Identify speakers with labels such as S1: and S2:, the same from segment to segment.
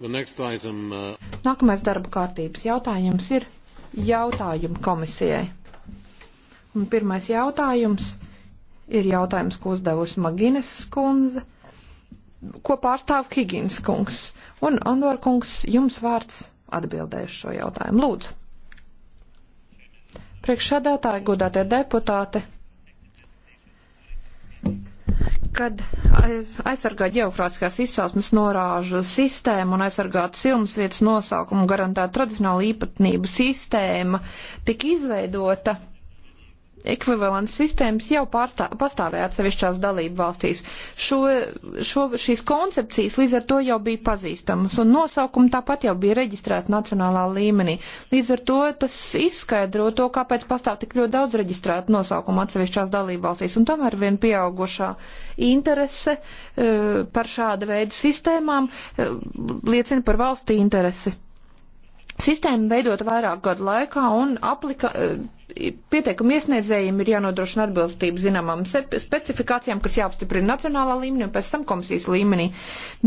S1: Item, uh...
S2: Nākamais darba kārtības jautājums ir jautājumi komisijai. Un pirmais jautājums ir jautājums, ko uzdevusi Magines skundze, ko pārstāv Higins kungs. Un Andor kungs, jums vārds atbildējuši šo jautājumu. Lūdzu. Priekšsēdētāji, godātie deputāti, kad aizsargāt geogrāfiskās izcelsmes norāžu sistēmu un aizsargāt silmas vietas nosaukumu, garantēt tradicionālu īpatnību sistēma tika izveidota ekvivalents sistēmas jau pārstā, pastāvēja atsevišķās dalību valstīs. Šo, šo, šīs koncepcijas līdz ar to jau bija pazīstamas, un nosaukumi tāpat jau bija reģistrēti nacionālā līmenī. Līdz ar to tas izskaidro to, kāpēc pastāv tik ļoti daudz reģistrētu nosaukumu atsevišķās dalību valstīs, un tomēr vien pieaugušā interese uh, par šāda veida sistēmām uh, liecina par valstu interesi. Sistēma veidot vairāk gadu laikā un aplika, eh, Pieteikumu iesniedzējiem ir jānodrošina atbilstība zināmām specifikācijām, kas jāapstiprina nacionālā līmenī un pēc tam komisijas līmenī.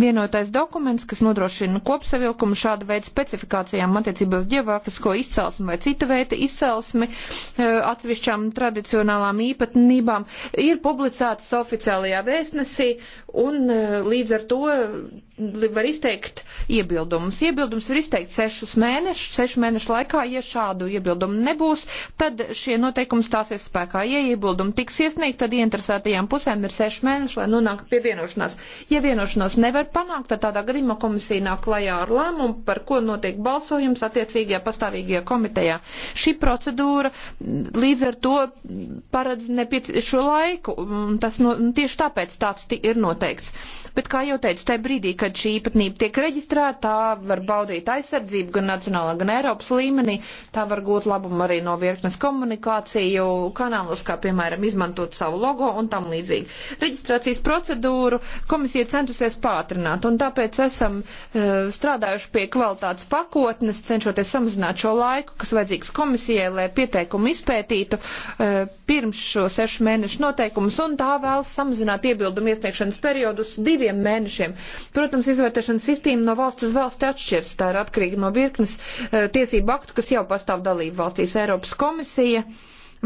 S2: Vienotais dokuments, kas nodrošina kopsavilkumu šāda veida specifikācijām attiecībā uz ģeogrāfisko izcelsmi vai cita veida izcelsmi eh, atsevišķām tradicionālām īpatnībām, ir publicēts oficiālajā vēstnesī un eh, līdz ar to var izteikt iebildumus. Iebildums var izteikt sešus mēnešus, sešu mēnešu laikā, ja šādu iebildumu nebūs, tad šie noteikumi stāsies spēkā. Ja iebildumi tiks iesniegt, tad ieinteresētajām pusēm ir sešu mēnešu, lai nonāktu pie vienošanās. Ja vienošanos nevar panākt, tad tādā gadījumā komisija nāk klajā ar lēmumu, par ko notiek balsojums attiecīgajā pastāvīgajā komitejā. Šī procedūra mm, līdz ar to paredz šo laiku, un mm, tas no, tieši tāpēc tāds ir noticis noteikts. Bet, kā jau teicu, tajā brīdī, kad šī īpatnība tiek reģistrēta, tā var baudīt aizsardzību gan nacionālā, gan Eiropas līmenī, tā var gūt labumu arī no virknes komunikāciju kanālos, kā piemēram izmantot savu logo un tam līdzīgi. Reģistrācijas procedūru komisija ir centusies pātrināt, un tāpēc esam uh, strādājuši pie kvalitātes pakotnes, cenšoties samazināt šo laiku, kas vajadzīgs komisijai, lai pieteikumu izpētītu uh, pirms šo sešu mēnešu noteikumus, un tā vēlas samazināt iebildumu iesniegšanas periodu periodu uz diviem mēnešiem. Protams, izvērtēšanas sistēma no valsts uz valsti atšķiras. Tā ir atkarīga no virknes eh, tiesību aktu, kas jau pastāv dalību valstīs. Eiropas komisija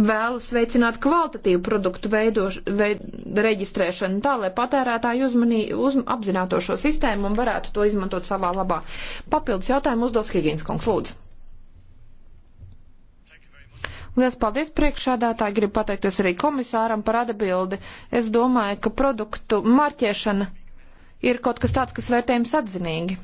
S2: vēlas veicināt kvalitatīvu produktu veidoš, veid, reģistrēšanu tā, lai patērētāji uzmanī, uz, apzināto šo sistēmu un varētu to izmantot savā labā. Papildus jautājumu uzdos Higīns kungs, lūdzu. Lielas paldies priekšādātāji, gribu pateikties arī komisāram par atbildi. Es domāju, ka produktu marķēšana ir kaut kas tāds, kas vērtējums atzinīgi.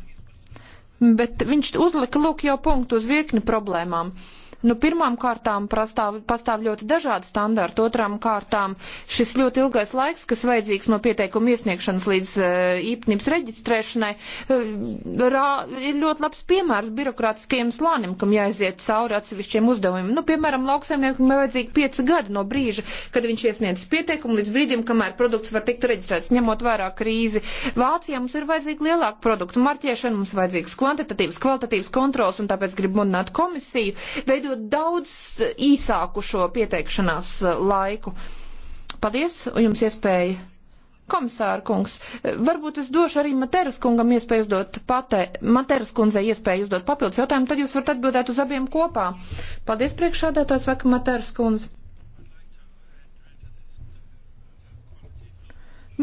S2: Bet viņš uzlika lūk jau punktu uz virkni problēmām. Uh, Nu, pirmām kārtām prastāv, pastāv ļoti dažādi standarti, otrām kārtām šis ļoti ilgais laiks, kas vajadzīgs no pieteikuma iesniegšanas līdz e, īpnības reģistrēšanai, e, rā, ir ļoti labs piemērs birokrātiskajiem slānim, kam jāiziet cauri atsevišķiem uzdevumiem. Nu, piemēram, lauksaimniekam ir vajadzīgi pieci gadi no brīža, kad viņš iesniedz pieteikumu līdz brīdim, kamēr produkts var tikt reģistrēts, ņemot vērā krīzi. Vācijā mums ir vajadzīga lielāka produktu marķēšana, mums vajadzīgs kvantitatīvs, kvalitatīvs kontrols, un tāpēc gribu mudināt komisiju veidot ļoti daudz īsāku šo pieteikšanās eh, laiku. Paldies, jums iespēja. Komisāra kungs, eh, varbūt es došu arī Materas kungam iespēju uzdot patē, Materas kundzei iespēju uzdot papildus jautājumu, tad jūs varat atbildēt uz abiem kopā. Paldies priekšādā, tā saka Materas kundze.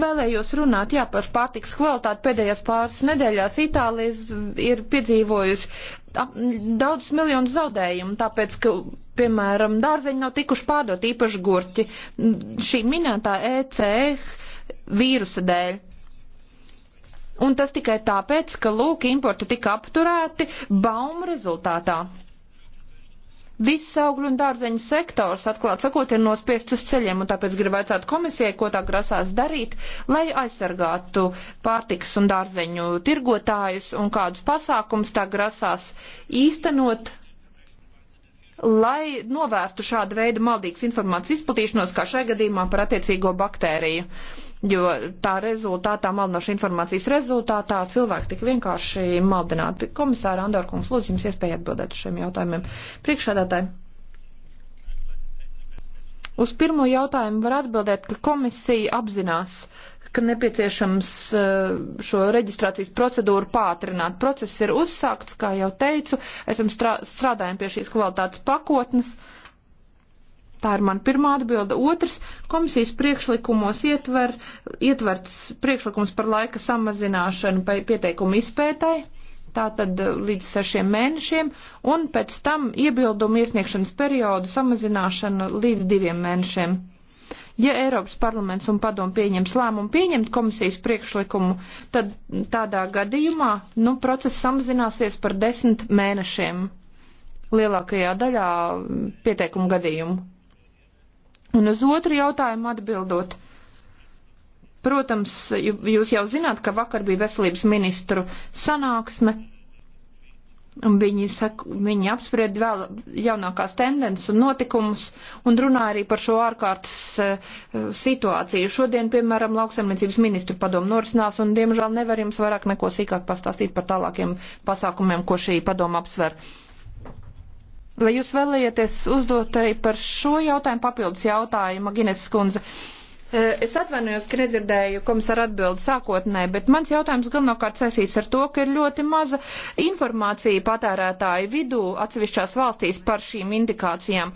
S2: Vēlējos runāt jā, par pārtiks kvalitāti. Pēdējās pāris nedēļās Itālijas ir piedzīvojusi daudzus miljonus zaudējumu, tāpēc, ka, piemēram, dārzeņi nav tikuši pārdot īpaši gurķi šī minētā ECF vīrusa dēļ. Un tas tikai tāpēc, ka lūk importu tika apturēti baumu rezultātā. Viss augļu un dārzeņu sektors, atklāt sakot, ir nospiests uz ceļiem, un tāpēc gribu aicāt komisijai, ko tā grasās darīt, lai aizsargātu pārtikas un dārzeņu tirgotājus un kādus pasākums tā grasās īstenot, lai novērstu šādu veidu maldīgas informācijas izplatīšanos, kā šai gadījumā par attiecīgo baktēriju jo tā rezultātā, maldinoša informācijas rezultātā, cilvēki tik vienkārši maldināti. Komisāra Andorkungs, lūdzu, jums iespēja atbildēt uz šiem jautājumiem. Priekšādātāji. Uz pirmo jautājumu var atbildēt, ka komisija apzinās, ka nepieciešams eh, šo reģistrācijas procedūru pātrināt. Process ir uzsākts, kā jau teicu, esam strādājam pie šīs kvalitātes pakotnes. Uh, Tā ir man pirmā atbilda. Otrs, komisijas priekšlikumos ietver, ietverts priekšlikums par laika samazināšanu pieteikumu izpētai, tātad eh, līdz sešiem mēnešiem, un pēc tam iebildumu iesniegšanas periodu samazināšanu līdz diviem mēnešiem. Ja Eiropas parlaments un padomu pieņems lēmumu pieņemt komisijas priekšlikumu, tad tādā gadījumā nu, process samazināsies par desmit mēnešiem lielākajā daļā mm, pieteikumu gadījumu. Un uz otru jautājumu atbildot. Protams, jūs jau zināt, ka vakar bija veselības ministru sanāksme, un viņi, saka, viņi apspried vēl jaunākās tendences un notikumus, un runāja arī par šo ārkārtas uh, situāciju. Šodien, piemēram, lauksaimniecības ministru padomu norisinās, un, diemžēl, nevar jums vairāk neko sīkāk pastāstīt par tālākiem pasākumiem, ko šī padoma apsver. Uh, Vai jūs vēlējieties uzdot arī par šo jautājumu papildus jautājumu, Gines skundze? Es atvainojos, ka nedzirdēju komisāra atbildi sākotnē, bet mans jautājums galvenokārt saistīts ar to, ka ir ļoti maza informācija patērētāju vidū atsevišķās valstīs par šīm indikācijām.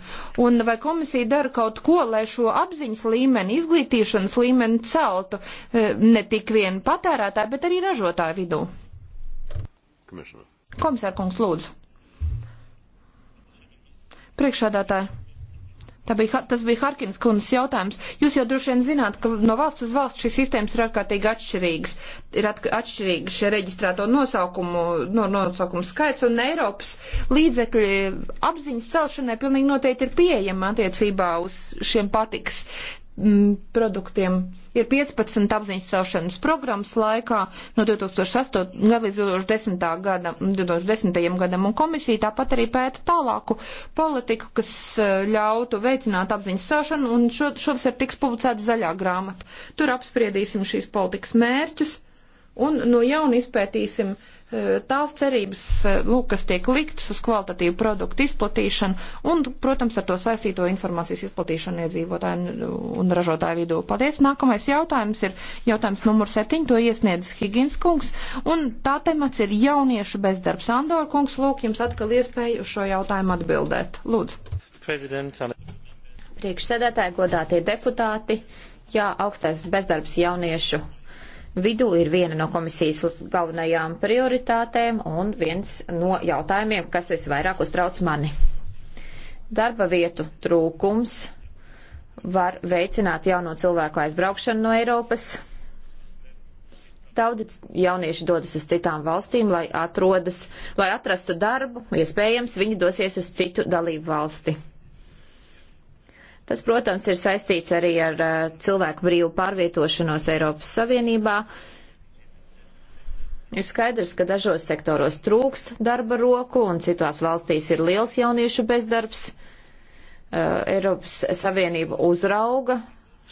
S2: Un vai komisija dara kaut ko, lai šo apziņas līmeni, izglītīšanas līmeni celtu ne tik vien patērētāju, bet arī ražotāju vidū? Komisāra kungs, lūdzu. Priekšādātāji. Tā bija, tas bija Harkins kundzes jautājums. Jūs jau droši vien zināt, ka no valsts uz valsts šīs sistēmas ir ārkārtīgi atšķirīgas. Ir atšķirīgi šie reģistrēto nosaukumu, no, nosaukumu skaits un Eiropas līdzekļi apziņas celšanai pilnīgi noteikti ir pieejama attiecībā uz šiem patikas Mm, produktiem ir 15 apziņas celšanas programmas laikā no 2008. gada līdz 2010. Gada, 2010. gadam, un komisija tāpat arī pēta tālāku politiku, kas eh, ļautu veicināt apziņas celšanu, un šo, šovasar tiks publicēta zaļā grāmata. Tur apspriedīsim šīs politikas mērķus, un no jauna izpētīsim uh, tās cerības, lūk, kas tiek liktas uz kvalitatīvu produktu izplatīšanu un, protams, ar to saistīto informācijas izplatīšanu iedzīvotāju un ražotāju vidū. Paldies! Nākamais jautājums ir jautājums numur 7, to iesniedz Higins kungs, un tā temats ir jauniešu bezdarbs. Andor kungs, lūk, jums atkal iespēju uz šo jautājumu atbildēt. Lūdzu. Priekšsēdētāji,
S3: godātie deputāti, jā, augstais bezdarbs jauniešu vidū ir viena no komisijas galvenajām prioritātēm un viens no jautājumiem, kas visvairāk uztrauc mani. Darba vietu trūkums var veicināt jauno cilvēku aizbraukšanu no Eiropas. Daudz jaunieši dodas uz citām valstīm, lai, atrodas, lai atrastu darbu, iespējams, viņi dosies uz citu dalību valsti. Tas, protams, ir saistīts arī ar uh, cilvēku brīvu pārvietošanos Eiropas Savienībā. Ir skaidrs, ka dažos sektoros trūkst darba roku un citās valstīs ir liels jauniešu bezdarbs. Uh, Eiropas Savienība uzrauga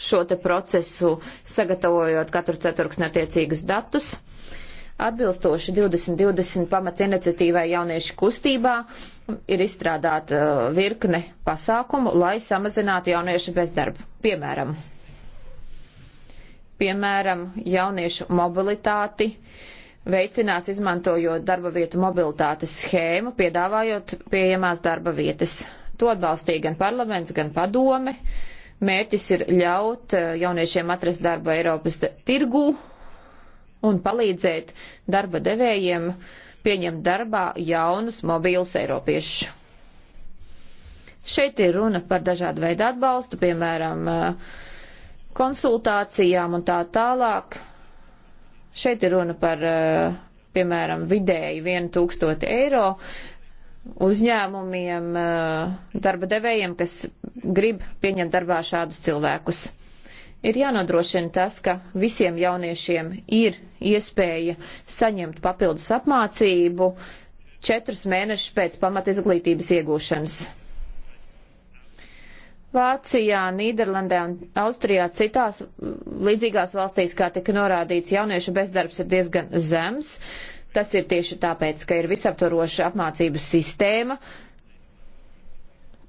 S3: šo te procesu, sagatavojot katru ceturksni attiecīgus datus. Atbilstoši 2020 pamatiniciatīvai jauniešu kustībā ir izstrādāta uh, virkne pasākumu, lai samazinātu jauniešu bezdarbu. Piemēram, piemēram jauniešu mobilitāti veicinās izmantojot darba vietu mobilitātes schēmu, piedāvājot pieejamās darba vietas. To atbalstīja gan parlaments, gan padome. Mērķis ir ļaut uh, jauniešiem atrast darbu Eiropas tirgū un palīdzēt darba devējiem pieņemt darbā jaunus mobīlus eiropiešus. Šeit ir runa par dažādu veidu atbalstu, piemēram, eh, konsultācijām un tā tālāk. Šeit ir runa par, eh, piemēram, vidēji 1000 eiro uzņēmumiem, eh, darba devējiem, kas grib pieņemt darbā šādus cilvēkus. Ir jānodrošina tas, ka visiem jauniešiem ir iespēja saņemt papildus apmācību četrus mēnešus pēc pamatizglītības iegūšanas. Vācijā, Nīderlandē un Austrijā citās līdzīgās valstīs, kā tika norādīts, jauniešu bezdarbs ir diezgan zems. Tas ir tieši tāpēc, ka ir visaptvaroša apmācību sistēma,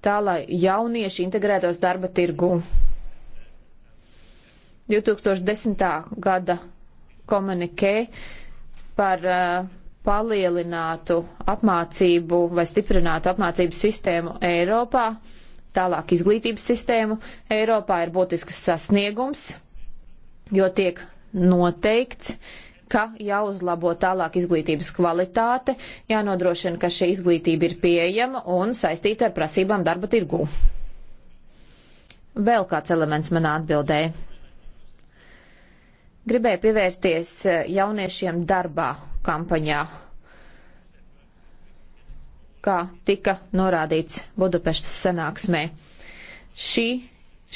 S3: tā lai jaunieši integrētos darba tirgu 2010. gada komunikē par uh, palielinātu apmācību vai stiprinātu apmācības sistēmu Eiropā, tālāk izglītības sistēmu Eiropā ir būtisks sasniegums, jo tiek noteikts, ka jāuzlabo tālāk izglītības kvalitāte, jānodrošina, ka šī izglītība ir pieejama un saistīta ar prasībām darba tirgū. Vēl kāds elements manā atbildēja Gribēju pievērsties eh, jauniešiem darbā kampaņā, kā tika norādīts Budapeštas sanāksmē. Šī,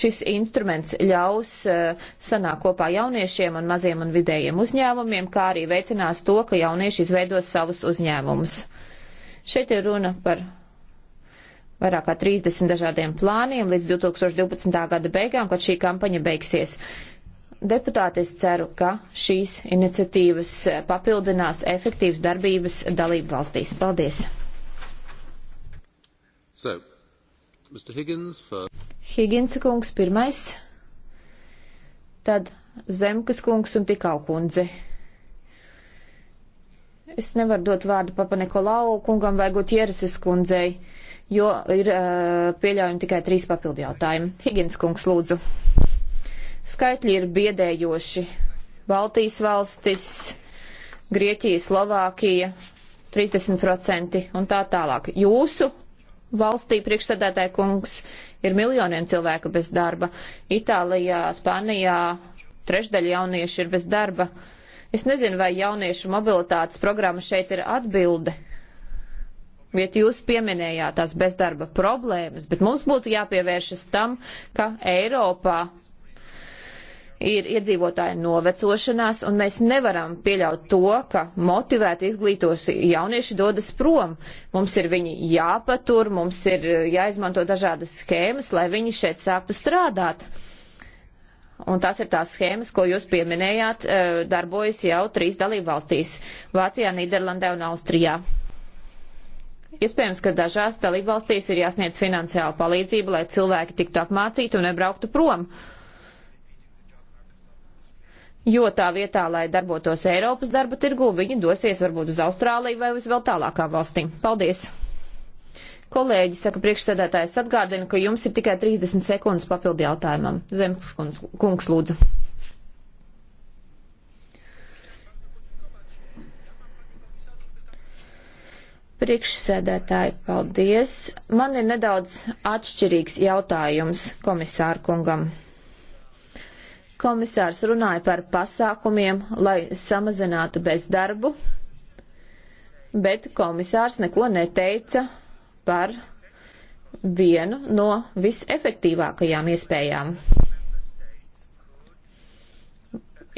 S3: šis instruments ļaus eh, sanākt kopā jauniešiem un maziem un vidējiem uzņēmumiem, kā arī veicinās to, ka jaunieši izveidos savus uzņēmumus. Šeit ir runa par vairāk kā 30 dažādiem plāniem līdz 2012. gada beigām, kad šī kampaņa beigsies deputāti, es ceru, ka šīs iniciatīvas eh, papildinās efektīvas darbības dalību valstīs. Paldies!
S1: So, Higgins, for...
S3: Higgins kungs pirmais, tad Zemkas kungs un tikau kundze. Es nevaru dot vārdu Papa Nikolau kungam vai Gutiereses kundzei, jo ir uh, pieļaujami tikai trīs papildu jautājumi. Higgins kungs, lūdzu. Skaitļi ir biedējoši. Baltijas valstis, Grieķija, Slovākija, 30% un tā tālāk. Jūsu valstī priekšsēdētāja kungs ir miljoniem cilvēku bez darba. Itālijā, Spānijā trešdaļa jaunieši ir bez darba. Es nezinu, vai jauniešu mobilitātes programma šeit ir atbilde. Bet jūs pieminējāt tās bezdarba problēmas, bet mums būtu jāpievēršas tam, ka Eiropā ir iedzīvotāja novecošanās, un mēs nevaram pieļaut to, ka motivēti izglītoši jaunieši dodas prom. Mums ir viņi jāpatur, mums ir jāizmanto dažādas schēmas, lai viņi šeit sāktu strādāt. Un tās ir tās schēmas, ko jūs pieminējāt, e, darbojas jau trīs dalību valstīs - Vācijā, Nīderlandē un Austrijā. Iespējams, ka dažās dalību valstīs ir jāsniedz finansiāla palīdzība, lai cilvēki tiktu apmācīti un nebrauktu prom. Uh, jo tā vietā, lai darbotos Eiropas darba tirgu, viņi dosies varbūt uz Austrāliju vai uz vēl tālākām valstīm. Paldies! Kolēģi, saka priekšsēdētājs, atgādinu, ka jums ir tikai 30 sekundes papildi jautājumam. Zemks kungs, kungs lūdzu. Priekšsēdētāji, paldies. Man ir nedaudz atšķirīgs jautājums komisāru kungam. Komisārs runāja par pasākumiem, lai samazinātu bezdarbu, bet komisārs neko neteica par vienu no visefektīvākajām iespējām.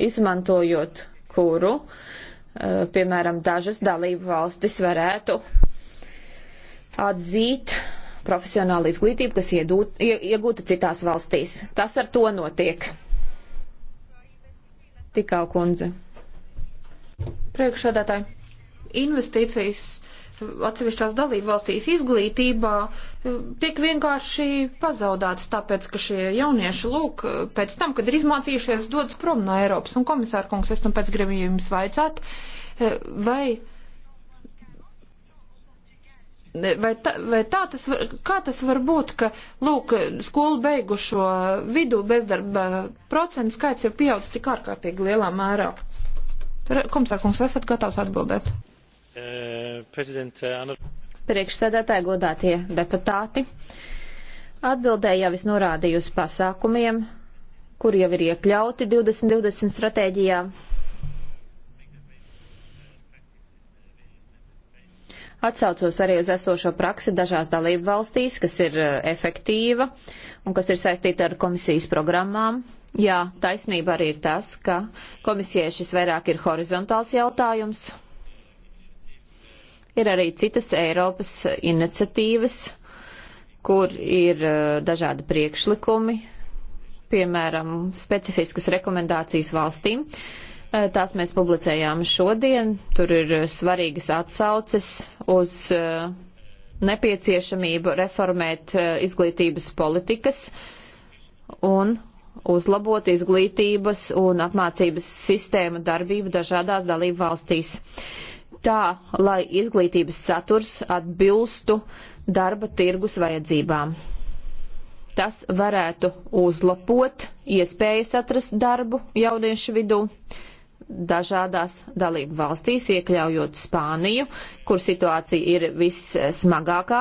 S3: Izmantojot kuru, eh, piemēram, dažas dalību valstis varētu atzīt profesionālu izglītību, kas iegūta citās valstīs. Kas ar to notiek? Tikau kundze.
S2: Priekšsādātāji, investīcijas atsevišķās dalību valstīs izglītībā eh, tiek vienkārši pazaudāts, tāpēc, ka šie jaunieši, lūk, pēc tam, kad ir izmācījušies, dodas prom no Eiropas. Un komisāra kungs, es nu pēc gribu jums vaicāt, eh, vai Vai tā, vai tā tas var, kā tas var būt, ka, lūk, skolu beigušo vidu bezdarba procentu skaits ir pieaudzis tik ārkārtīgi lielā mērā? Komisārkungs, esat gatavs atbildēt?
S3: Eh, eh,
S2: Priekšsēdētāji,
S3: godātie deputāti, atbildēju jau es norādīju uz pasākumiem, kur jau ir iekļauti 2020 stratēģijā, Atsaucos arī uz esošo praksi dažās dalību valstīs, kas ir eh, efektīva un kas ir saistīta ar komisijas programmām. Jā, taisnība arī ir tas, ka komisijai šis vairāk ir horizontāls jautājums. Ir arī citas Eiropas iniciatīvas, kur ir eh, dažādi priekšlikumi, piemēram, specifiskas rekomendācijas valstīm. Uh, Eh, tās mēs publicējām šodien. Tur ir eh, svarīgas atsauces uz eh, nepieciešamību reformēt izglītības politikas un uzlabot izglītības un apmācības sistēmu darbību dažādās dalību valstīs. Tā, lai izglītības saturs atbilstu darba tirgus vajadzībām. Tas varētu uzlabot iespējas atrast darbu jauniešu vidū. Uh, dažādās dalību valstīs, iekļaujot Spāniju, kur situācija ir vissmagākā.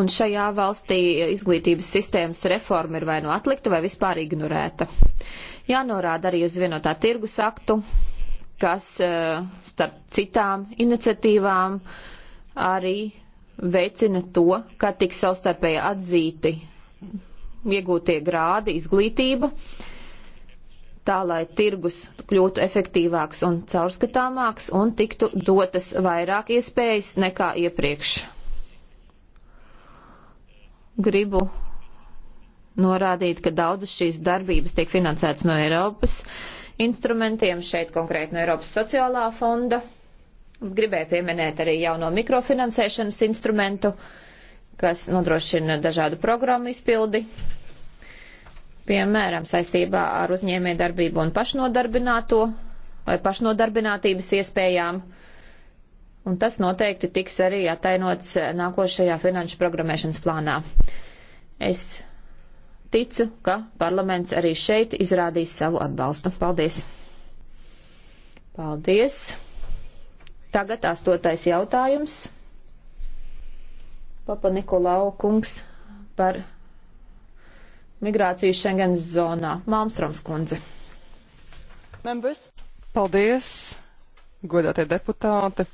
S3: Un šajā valstī izglītības sistēmas reforma ir vai nu no atlikta, vai vispār ignorēta. Jānorāda arī uz vienotā tirgus aktu, kas eh, starp citām iniciatīvām arī veicina to, ka tiks savstarpēji atzīti iegūtie grādi, izglītība. Uh, tā lai tirgus kļūtu efektīvāks un caurskatāmāks un tiktu dotas vairāk iespējas nekā iepriekš. Gribu norādīt, ka daudzas šīs darbības tiek finansētas no Eiropas instrumentiem, šeit konkrēti no Eiropas sociālā fonda. Gribēju pieminēt arī jauno mikrofinansēšanas instrumentu, kas nodrošina dažādu programmu izpildi piemēram, saistībā ar uzņēmē darbību un pašnodarbināto vai pašnodarbinātības iespējām. Un tas noteikti tiks arī atainots nākošajā finanšu programmēšanas plānā. Es ticu, ka parlaments arī šeit izrādīs savu atbalstu. Paldies! Paldies! Tagad astotais jautājums. Papa Nikolau kungs par migrāciju Schengens zonā. Malmstroms kundze.
S1: Members. Paldies, godātie deputāti.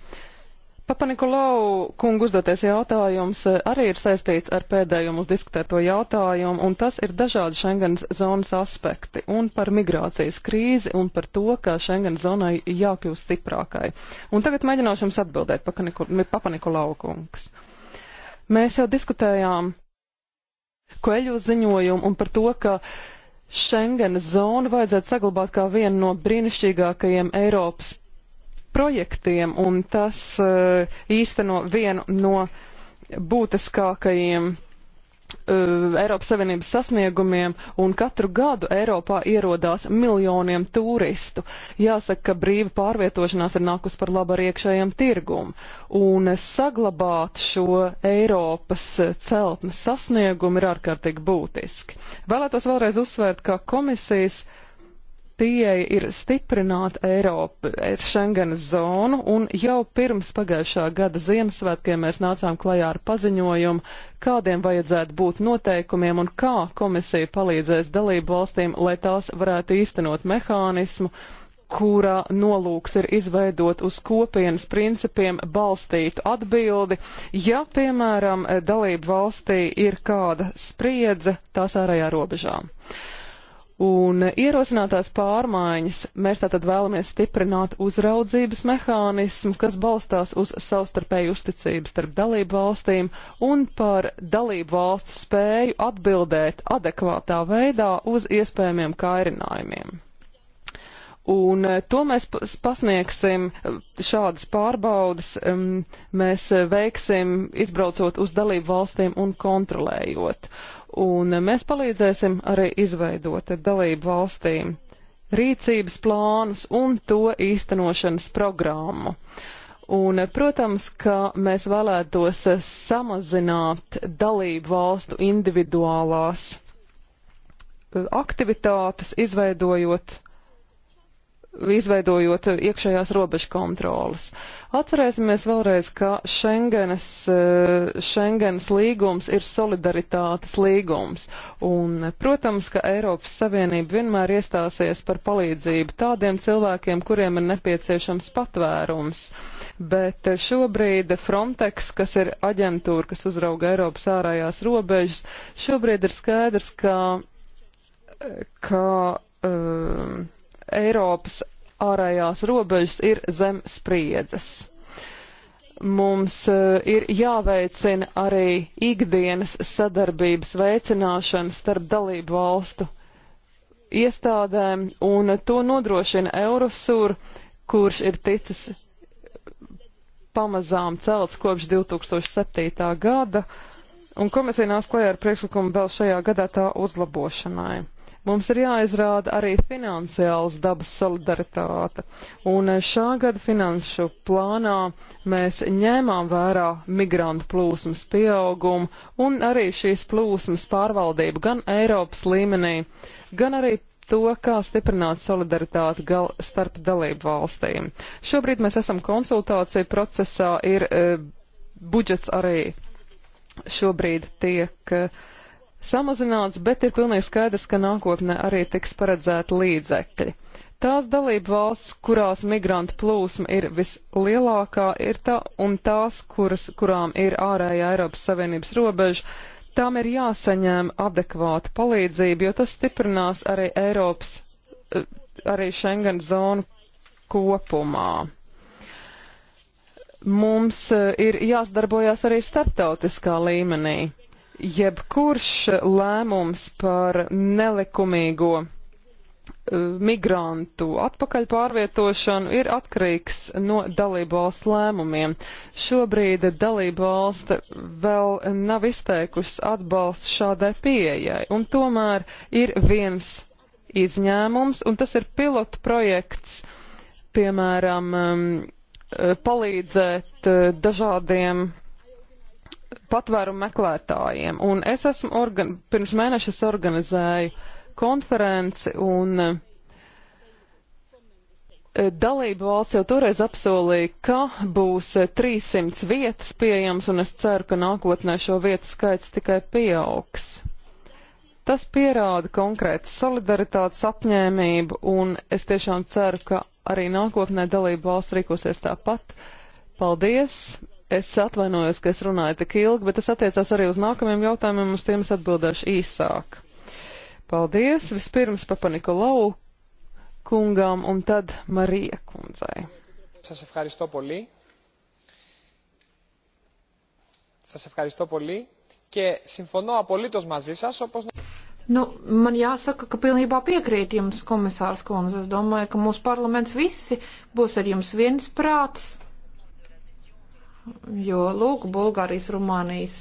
S1: Papa Nikolau kungu uzdoties jautājums eh, arī ir saistīts ar pēdējo mums diskutēto jautājumu, un tas ir dažādi Schengens zonas aspekti un par migrācijas krīzi un par to, ka Schengen zonai jākļūst stiprākai. Un tagad mēģināšu jums atbildēt, Papa Nikolau kungs. Mēs jau diskutējām Koeļu ziņojumu un par to, ka Schengenas zonu vajadzētu saglabāt kā vienu no brīnišķīgākajiem Eiropas projektiem, un tas eh, īsteno vienu no būtiskākajiem uh, Eiropas Savienības sasniegumiem, un katru gadu Eiropā ierodās miljoniem turistu. Jāsaka, ka brīva pārvietošanās ir nākus par labu ar iekšējiem tirgumu, un saglabāt šo Eiropas celtnes sasniegumu ir ārkārtīgi būtiski. Vēlētos vēlreiz uzsvērt, ka komisijas uh, pieeja ir stiprināt Eiropu, Schengenas zonu, un jau pirms pagājušā gada Ziemassvētkiem mēs nācām klajā ar paziņojumu, kādiem vajadzētu būt noteikumiem un kā komisija palīdzēs dalību valstīm, lai tās varētu īstenot mehānismu, kurā nolūks ir izveidot uz kopienas principiem balstītu atbildi. Ja, piemēram, dalību valstī ir kāda spriedze tās ārējā robežām. Un ierosinātās pārmaiņas mēs tātad vēlamies stiprināt uzraudzības mehānismu, kas balstās uz savstarpēju uzticību starp dalību valstīm un par dalību valstu spēju atbildēt adekvātā veidā uz iespējamiem kairinājumiem. Un eh, to mēs pasniegsim, eh, šādas pārbaudas mēs eh, veiksim, izbraucot uz dalību valstīm un kontrolējot un mēs palīdzēsim arī izveidot dalību valstīm rīcības plānus un to īstenošanas programmu. Un, protams, ka mēs vēlētos samazināt dalību valstu individuālās eh, aktivitātes, izveidojot izveidojot iekšējās robežu kontrolas. Atcerēsimies vēlreiz, ka Schengenes, eh, Schengenes līgums ir solidaritātes līgums. Un, protams, ka Eiropas Savienība vienmēr iestāsies par palīdzību tādiem cilvēkiem, kuriem ir nepieciešams patvērums. Bet eh, šobrīd Frontex, kas ir aģentūra, kas uzrauga Eiropas ārējās robežas, šobrīd ir skaidrs, ka, eh, ka um, Eiropas ārējās robežas ir zem spriedzes. Mums e, ir jāveicina arī ikdienas sadarbības veicināšana starp dalību valstu iestādēm, un to nodrošina Eurosur, kurš ir ticis pamazām celts kopš 2007. gada, un komisija nāks klajā ar priekšlikumu vēl šajā gadā tā uzlabošanai. Mums ir jāizrāda arī finansiāls dabas solidaritāte, un šā gada finanšu plānā mēs ņēmām vērā migrantu plūsmas pieaugumu un arī šīs plūsmas pārvaldību gan Eiropas līmenī, gan arī to, kā stiprināt solidaritāti gal starp dalību valstīm. Šobrīd mēs esam konsultāciju procesā, ir e, budžets arī šobrīd tiek. E, samazināts, bet ir pilnīgi skaidrs, ka nākotnē arī tiks paredzēti līdzekļi. Tās dalība valsts, kurās migrantu plūsma ir vislielākā, ir tā, un tās, kuras, kurām ir ārējā Eiropas Savienības robeža, tām ir jāsaņem adekvāta palīdzība, jo tas stiprinās arī Eiropas, eh, arī Schengen zonu kopumā. Mums eh, ir jāsadarbojas arī starptautiskā līmenī jebkurš lēmums par nelikumīgo eh, migrantu atpakaļ pārvietošanu ir atkarīgs no dalību valstu lēmumiem. Šobrīd dalību valsta vēl nav izteikusi atbalstu šādai pieejai, un tomēr ir viens izņēmums, un tas ir pilotu projekts, piemēram, eh, palīdzēt eh, dažādiem patvērumu meklētājiem. Un es esmu organ... pirms mēneša organizēju konferenci un eh, dalību valsts jau toreiz apsolīja, ka būs 300 eh, vietas pieejams, un es ceru, ka nākotnē šo vietu skaits tikai pieaugs. Tas pierāda konkrētu solidaritātes apņēmību, un es tiešām ceru, ka arī nākotnē dalību valsts rīkosies tāpat. Paldies! Es atvainojos, ka es runāju tik ilgi, bet tas attiecās arī uz nākamajiem jautājumiem, uz tiem es atbildēšu īsāk. Paldies vispirms Papa Nikolau kungām un tad Marija kundzai. Σας ευχαριστώ πολύ. Σας ευχαριστώ πολύ και συμφωνώ απολύτως μαζί σας όπως...
S2: Nu, man jāsaka, ka pilnībā piekrīt jums, komisārs Kunze. Es domāju, ka mūsu parlaments visi būs ar jums viens prāts Jo, lūk, Bulgārijas, Rumānijas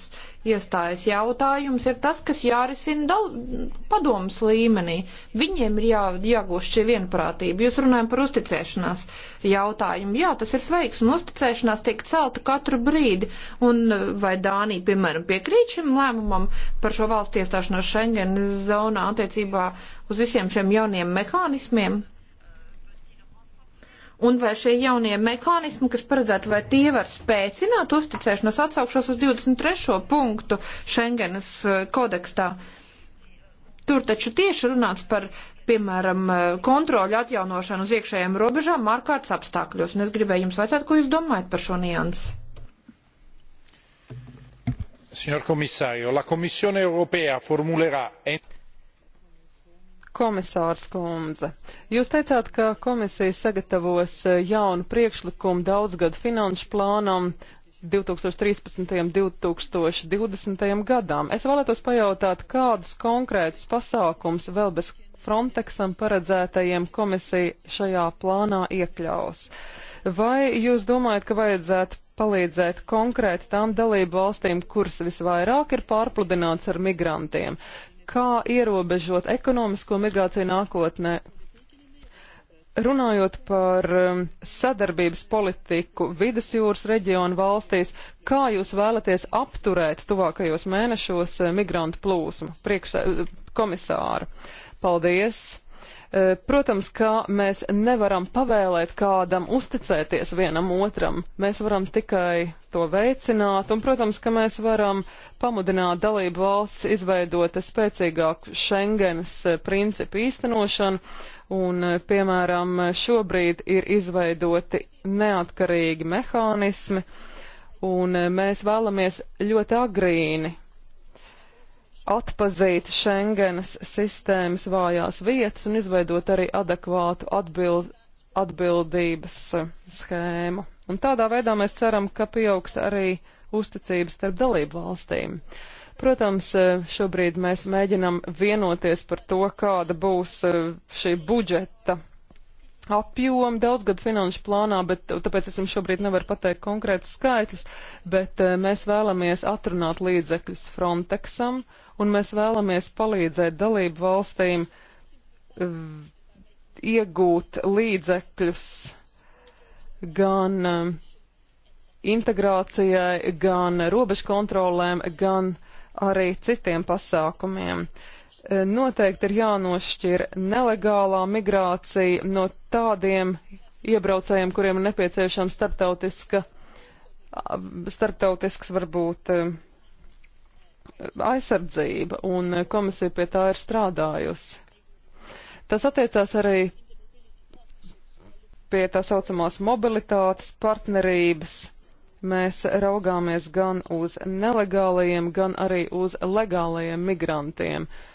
S2: iestājas jautājums ir tas, kas jārisina daudz padomas līmenī. Viņiem ir jā, jāgūst šī vienprātība. Jūs runājam par uzticēšanās jautājumu. Jā, tas ir sveiks, un uzticēšanās tiek celta katru brīdi. Un vai Dānija, piemēram, piekrīt šim lēmumam par šo valstu iestāšanos Schengen zonā attiecībā uz visiem šiem jauniem mehānismiem? Un vai šie jaunie mehānismi, kas paredzēti, vai tie var spēcināt uzticēšanos, atsaukšos uz 23. punktu Schengenas eh, kodekstā. Tur taču tieši runāts par, piemēram, eh, kontroļu atjaunošanu uz iekšējām robežām ārkārtas apstākļos. Un es gribēju jums vajadzētu, ko jūs domājat par šo niansu signor commissario la commissione europea formulerà entro.
S1: Komisārs kundze, jūs teicāt, ka komisija sagatavos eh, jaunu priekšlikumu daudzgadu finanšu plānam 2013. un 2020. gadām. Es vēlētos pajautāt, kādus konkrētus pasākums vēl bez Frontexam paredzētajiem komisija šajā plānā iekļaus? Vai jūs domājat, ka vajadzētu palīdzēt konkrēti tām dalību valstīm, kuras visvairāk ir pārpludināts ar migrantiem kā ierobežot ekonomisko migrāciju nākotnē. Runājot par um, sadarbības politiku vidusjūras reģionu valstīs, kā jūs vēlaties apturēt tuvākajos mēnešos uh, migrantu plūsmu? Priekšsē, uh, komisāra, paldies! E, protams, ka mēs nevaram pavēlēt kādam uzticēties vienam otram. Mēs varam tikai to veicināt, un, protams, ka mēs varam pamudināt dalību valsts izveidot spēcīgāku Schengenas e, principu īstenošanu, un, e, piemēram, šobrīd ir izveidoti neatkarīgi mehānismi, un mēs vēlamies ļoti agrīni atpazīt Schengenas sistēmas vājās vietas un izveidot arī adekvātu atbild, atbildības eh, schēmu. Un tādā veidā mēs ceram, ka pieaugs arī uzticības starp dalību valstīm. Protams, eh, šobrīd mēs mēģinam vienoties par to, kāda būs eh, šī budžeta apjomu daudzgad finanšu plānā, bet tāpēc es jums šobrīd nevaru pateikt konkrētus skaitļus, bet e, mēs vēlamies atrunāt līdzekļus Frontexam un mēs vēlamies palīdzēt dalību valstīm e, iegūt līdzekļus gan e, integrācijai, gan robežkontrolēm, gan arī citiem pasākumiem. Uh, Eh, noteikti ir jānošķir nelegālā migrācija no tādiem iebraucējiem, kuriem ir nepieciešama starptautiska, eh, starptautisks varbūt eh, aizsardzība, un komisija pie tā ir strādājusi. Tas attiecās arī pie tā saucamās mobilitātes partnerības. Mēs raugāmies gan uz nelegālajiem, gan arī uz legālajiem migrantiem. Uh,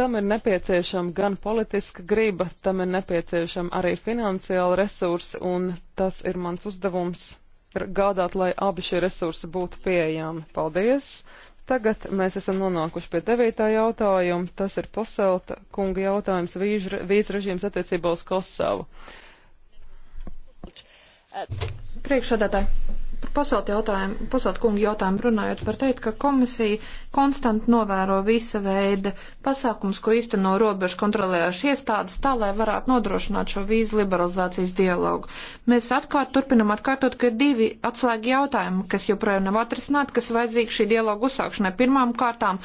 S1: Tam ir nepieciešama gan politiska griba, tam ir nepieciešama arī finansiāla resursa, un tas ir mans uzdevums gādāt, lai abi šie resursi būtu pieejami. Paldies! Tagad mēs esam nonākuši pie devītā jautājuma. Tas ir Poselta kunga jautājums vīzu režīms attiecībā uz Kosovu.
S2: Priekšādātāji posot jautājumu, posot kungu jautājumu runājot, var teikt, ka komisija konstanti novēro visa veida pasākums, ko īsteno robežu kontrolējuši iestādes, tā lai varētu nodrošināt šo vīzu liberalizācijas dialogu. Mēs atkārt, turpinam atkārtot, ka ir divi atslēgi jautājumi, kas joprojām nav atrisināti, kas vajadzīgi šī dialogu uzsākšanai. Pirmām kārtām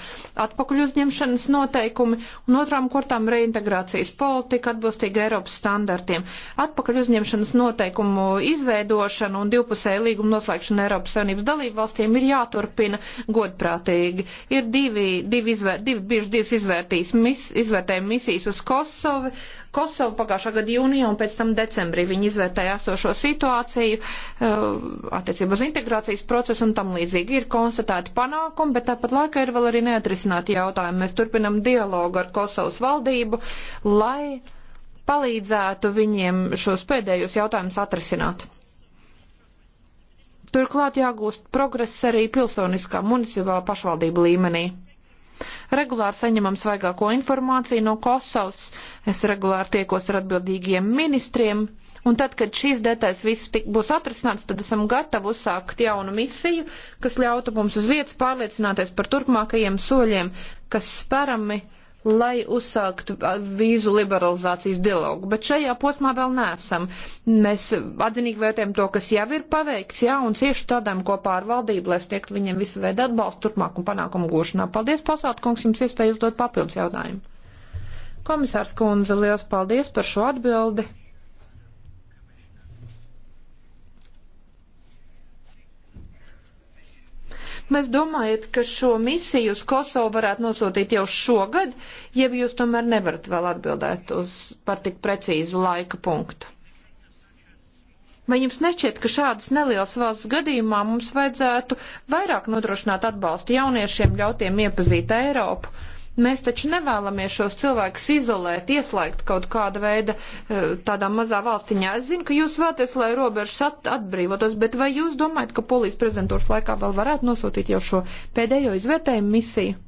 S2: atpakaļ uzņemšanas noteikumi un otrām kārtām reintegrācijas politika atbilstīga Eiropas standartiem. Atpakaļ uzņemšanas noteikumu izveidošana un divpusēja līguma noslēgšana ievērošana Eiropas Savienības dalību valstīm ir jāturpina godprātīgi. Ir divi, divi, izvēr, divi bieži divas izvērtīs, mis, izvērtēja misijas uz Kosovu, Kosovu pagājušā gada jūnijā un pēc tam decembrī viņi izvērtēja esošo situāciju, eh, attiecībā uz integrācijas procesu un tam līdzīgi ir konstatēti panākumi, bet tāpat laikā ir vēl arī neatrisināti jautājumi. Mēs turpinam dialogu ar Kosovas valdību, lai palīdzētu viņiem šos pēdējos jautājumus atrisināt. Turklāt jāgūst progress arī pilsoniskā municipālā pašvaldība līmenī. Regulāri saņemam svaigāko informāciju no Kosovas, es regulāri tiekos ar atbildīgiem ministriem, un tad, kad šīs detaļas viss tik, būs atrisināts, tad esam gatavi uzsākt jaunu misiju, kas ļautu mums uz vietas pārliecināties par turpmākajiem soļiem, kas sperami lai uzsāktu vīzu liberalizācijas dialogu. Bet šajā posmā vēl neesam. Mēs atzinīgi vērtējam to, kas jau ir paveikts, jā, un cieši tādām kopā ar valdību, lai sniegtu viņiem visu veidu atbalstu turpmāk un panākumu gūšanā. Paldies, Pasāt, kungs, jums iespēja uzdot papildus jautājumu. Komisārs Kunze, liels paldies par šo atbildi. Mēs domājat, ka šo misiju uz Kosovu varētu nosūtīt jau šogad, jeb jūs tomēr nevarat vēl atbildēt uz par tik precīzu laika punktu? Vai jums nešķiet, ka šādas nelielas valsts gadījumā mums vajadzētu vairāk nodrošināt atbalstu jauniešiem, ļautiem iepazīt Eiropu? Mēs taču nevēlamies šos cilvēkus izolēt, ieslēgt kaut kāda veida eh, tādā mazā valstiņā. Es zinu, ka jūs vēlaties, lai robežas at atbrīvotos, bet vai jūs domājat, ka polijas prezidentūras laikā vēl varētu nosūtīt jau šo pēdējo izvērtējumu misiju?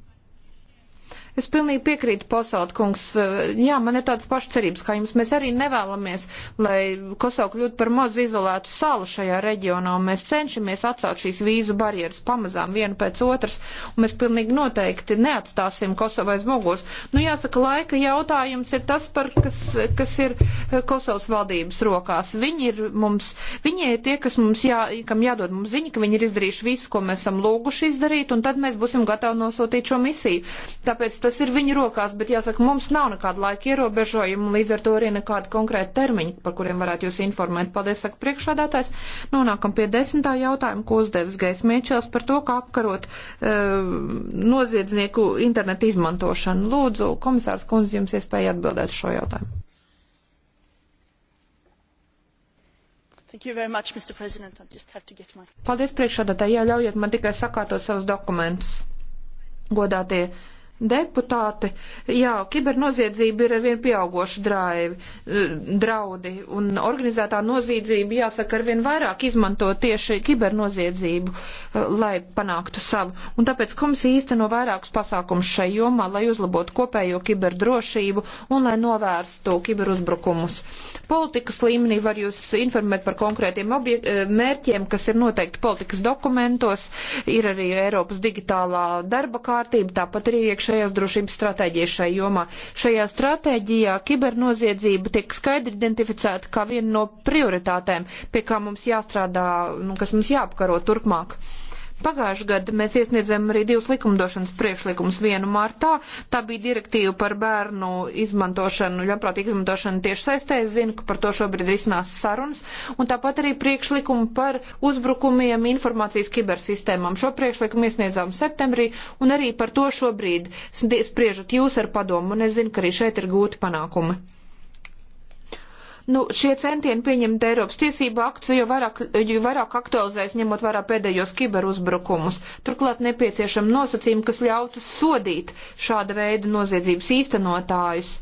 S2: Es pilnīgi piekrītu, Posautkungs. Eh, jā, man ir tāds pašs cerības kā jums. Mēs arī nevēlamies, lai Kosovu kļūtu par maz izolētu salu šajā reģionā. Mēs cenšamies atcelt šīs vīzu barjeras pamazām vienu pēc otras, un mēs pilnīgi noteikti neatstāsim Kosovu aiz muguras. Nu, jāsaka, laika jautājums ir tas, par, kas, kas ir eh, Kosovas valdības rokās. Viņi ir mums, viņi ir tie, kas mums jā, kam jādod mums ziņa, ka viņi ir izdarījuši visu, ko mēs esam lūguši izdarīt, un tad mēs būsim gatavi nosūtīt šo misiju. Tāpēc tas ir viņu rokās, bet jāsaka, mums nav nekāda laika ierobežojuma, līdz ar to arī nekāda konkrēta termiņa, par kuriem varētu jūs informēt. Paldies, saka priekšādātājs. Nonākam pie desmitā jautājuma, ko uzdevis Gais Miečels par to, kā apkarot e, noziedznieku internetu izmantošanu. Lūdzu, komisārs Kunz, jums iespēja atbildēt šo jautājumu. Much, my... Paldies priekšādātāji, ja ļaujiet man tikai sakārtot savus dokumentus. Godātie deputāti, jā, kibernoziedzība ir arvien pieaugoši draivi, eh, draudi, un organizētā noziedzība, jāsaka, arvien vairāk izmanto tieši kibernoziedzību, eh, lai panāktu savu. Un tāpēc komisija īsteno vairākus pasākumus šai jomā, lai uzlabotu kopējo kiberdrošību un lai novērstu kiberuzbrukumus. Politikas līmenī var jūs informēt par konkrētiem eh, mērķiem, kas ir noteikti politikas dokumentos, ir arī Eiropas digitālā darba kārtība, tāpat arī iekšā iekšējās drošības stratēģija šai jomā. Šajā stratēģijā kibernoziedzība tiek skaidri identificēta kā viena no prioritātēm, pie kā mums jāstrādā, nu, kas mums jāapkaro turpmāk. Pagājuši gadu mēs iesniedzām arī divus likumdošanas priekšlikumus. Vienu martā tā bija direktīva par bērnu izmantošanu, ļaunprātīgu izmantošanu tieši saistē. Es zinu, ka par to šobrīd risinās sarunas. Un tāpat arī priekšlikumu par uzbrukumiem informācijas kibersistēmām. Šo priekšlikumu iesniedzām septembrī un arī par to šobrīd spriežat jūs ar padomu. Un es zinu, ka arī šeit ir gūti panākumi. Nu, šie centieni pieņemt Eiropas tiesību aktu, jo vairāk, jo vairāk aktualizēs ņemot vērā pēdējos kiberuzbrukumus. Turklāt nepieciešama nosacījuma, kas ļautu sodīt šāda veida noziedzības īstenotājus.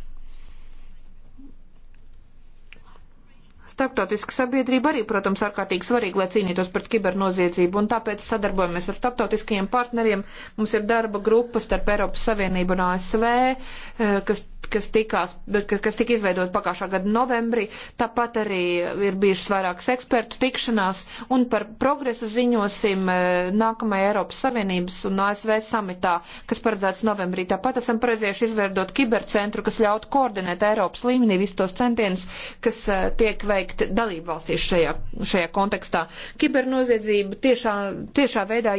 S2: Starptautiska sabiedrība arī, protams, ārkārtīgi svarīga, lai cīnītos pret kibernoziedzību, un tāpēc sadarbojamies ar starptautiskajiem partneriem. Mums ir darba grupa starp Eiropas Savienību un ASV, eh, kas, kas, tikās, kas, kas tika izveidot pagājušā gada novembrī. Tāpat arī ir bijušas vairākas ekspertu tikšanās, un par progresu ziņosim eh, nākamajā Eiropas Savienības un ASV samitā, kas paredzēts novembrī. Tāpat esam paredzējuši izveidot kibercentru, kas ļautu koordinēt Eiropas līmenī visus tos centienus, kas eh, tiek veikti veikt dalību valstīs šajā, šajā kontekstā. Kibernoziedzība tiešā, tiešā veidā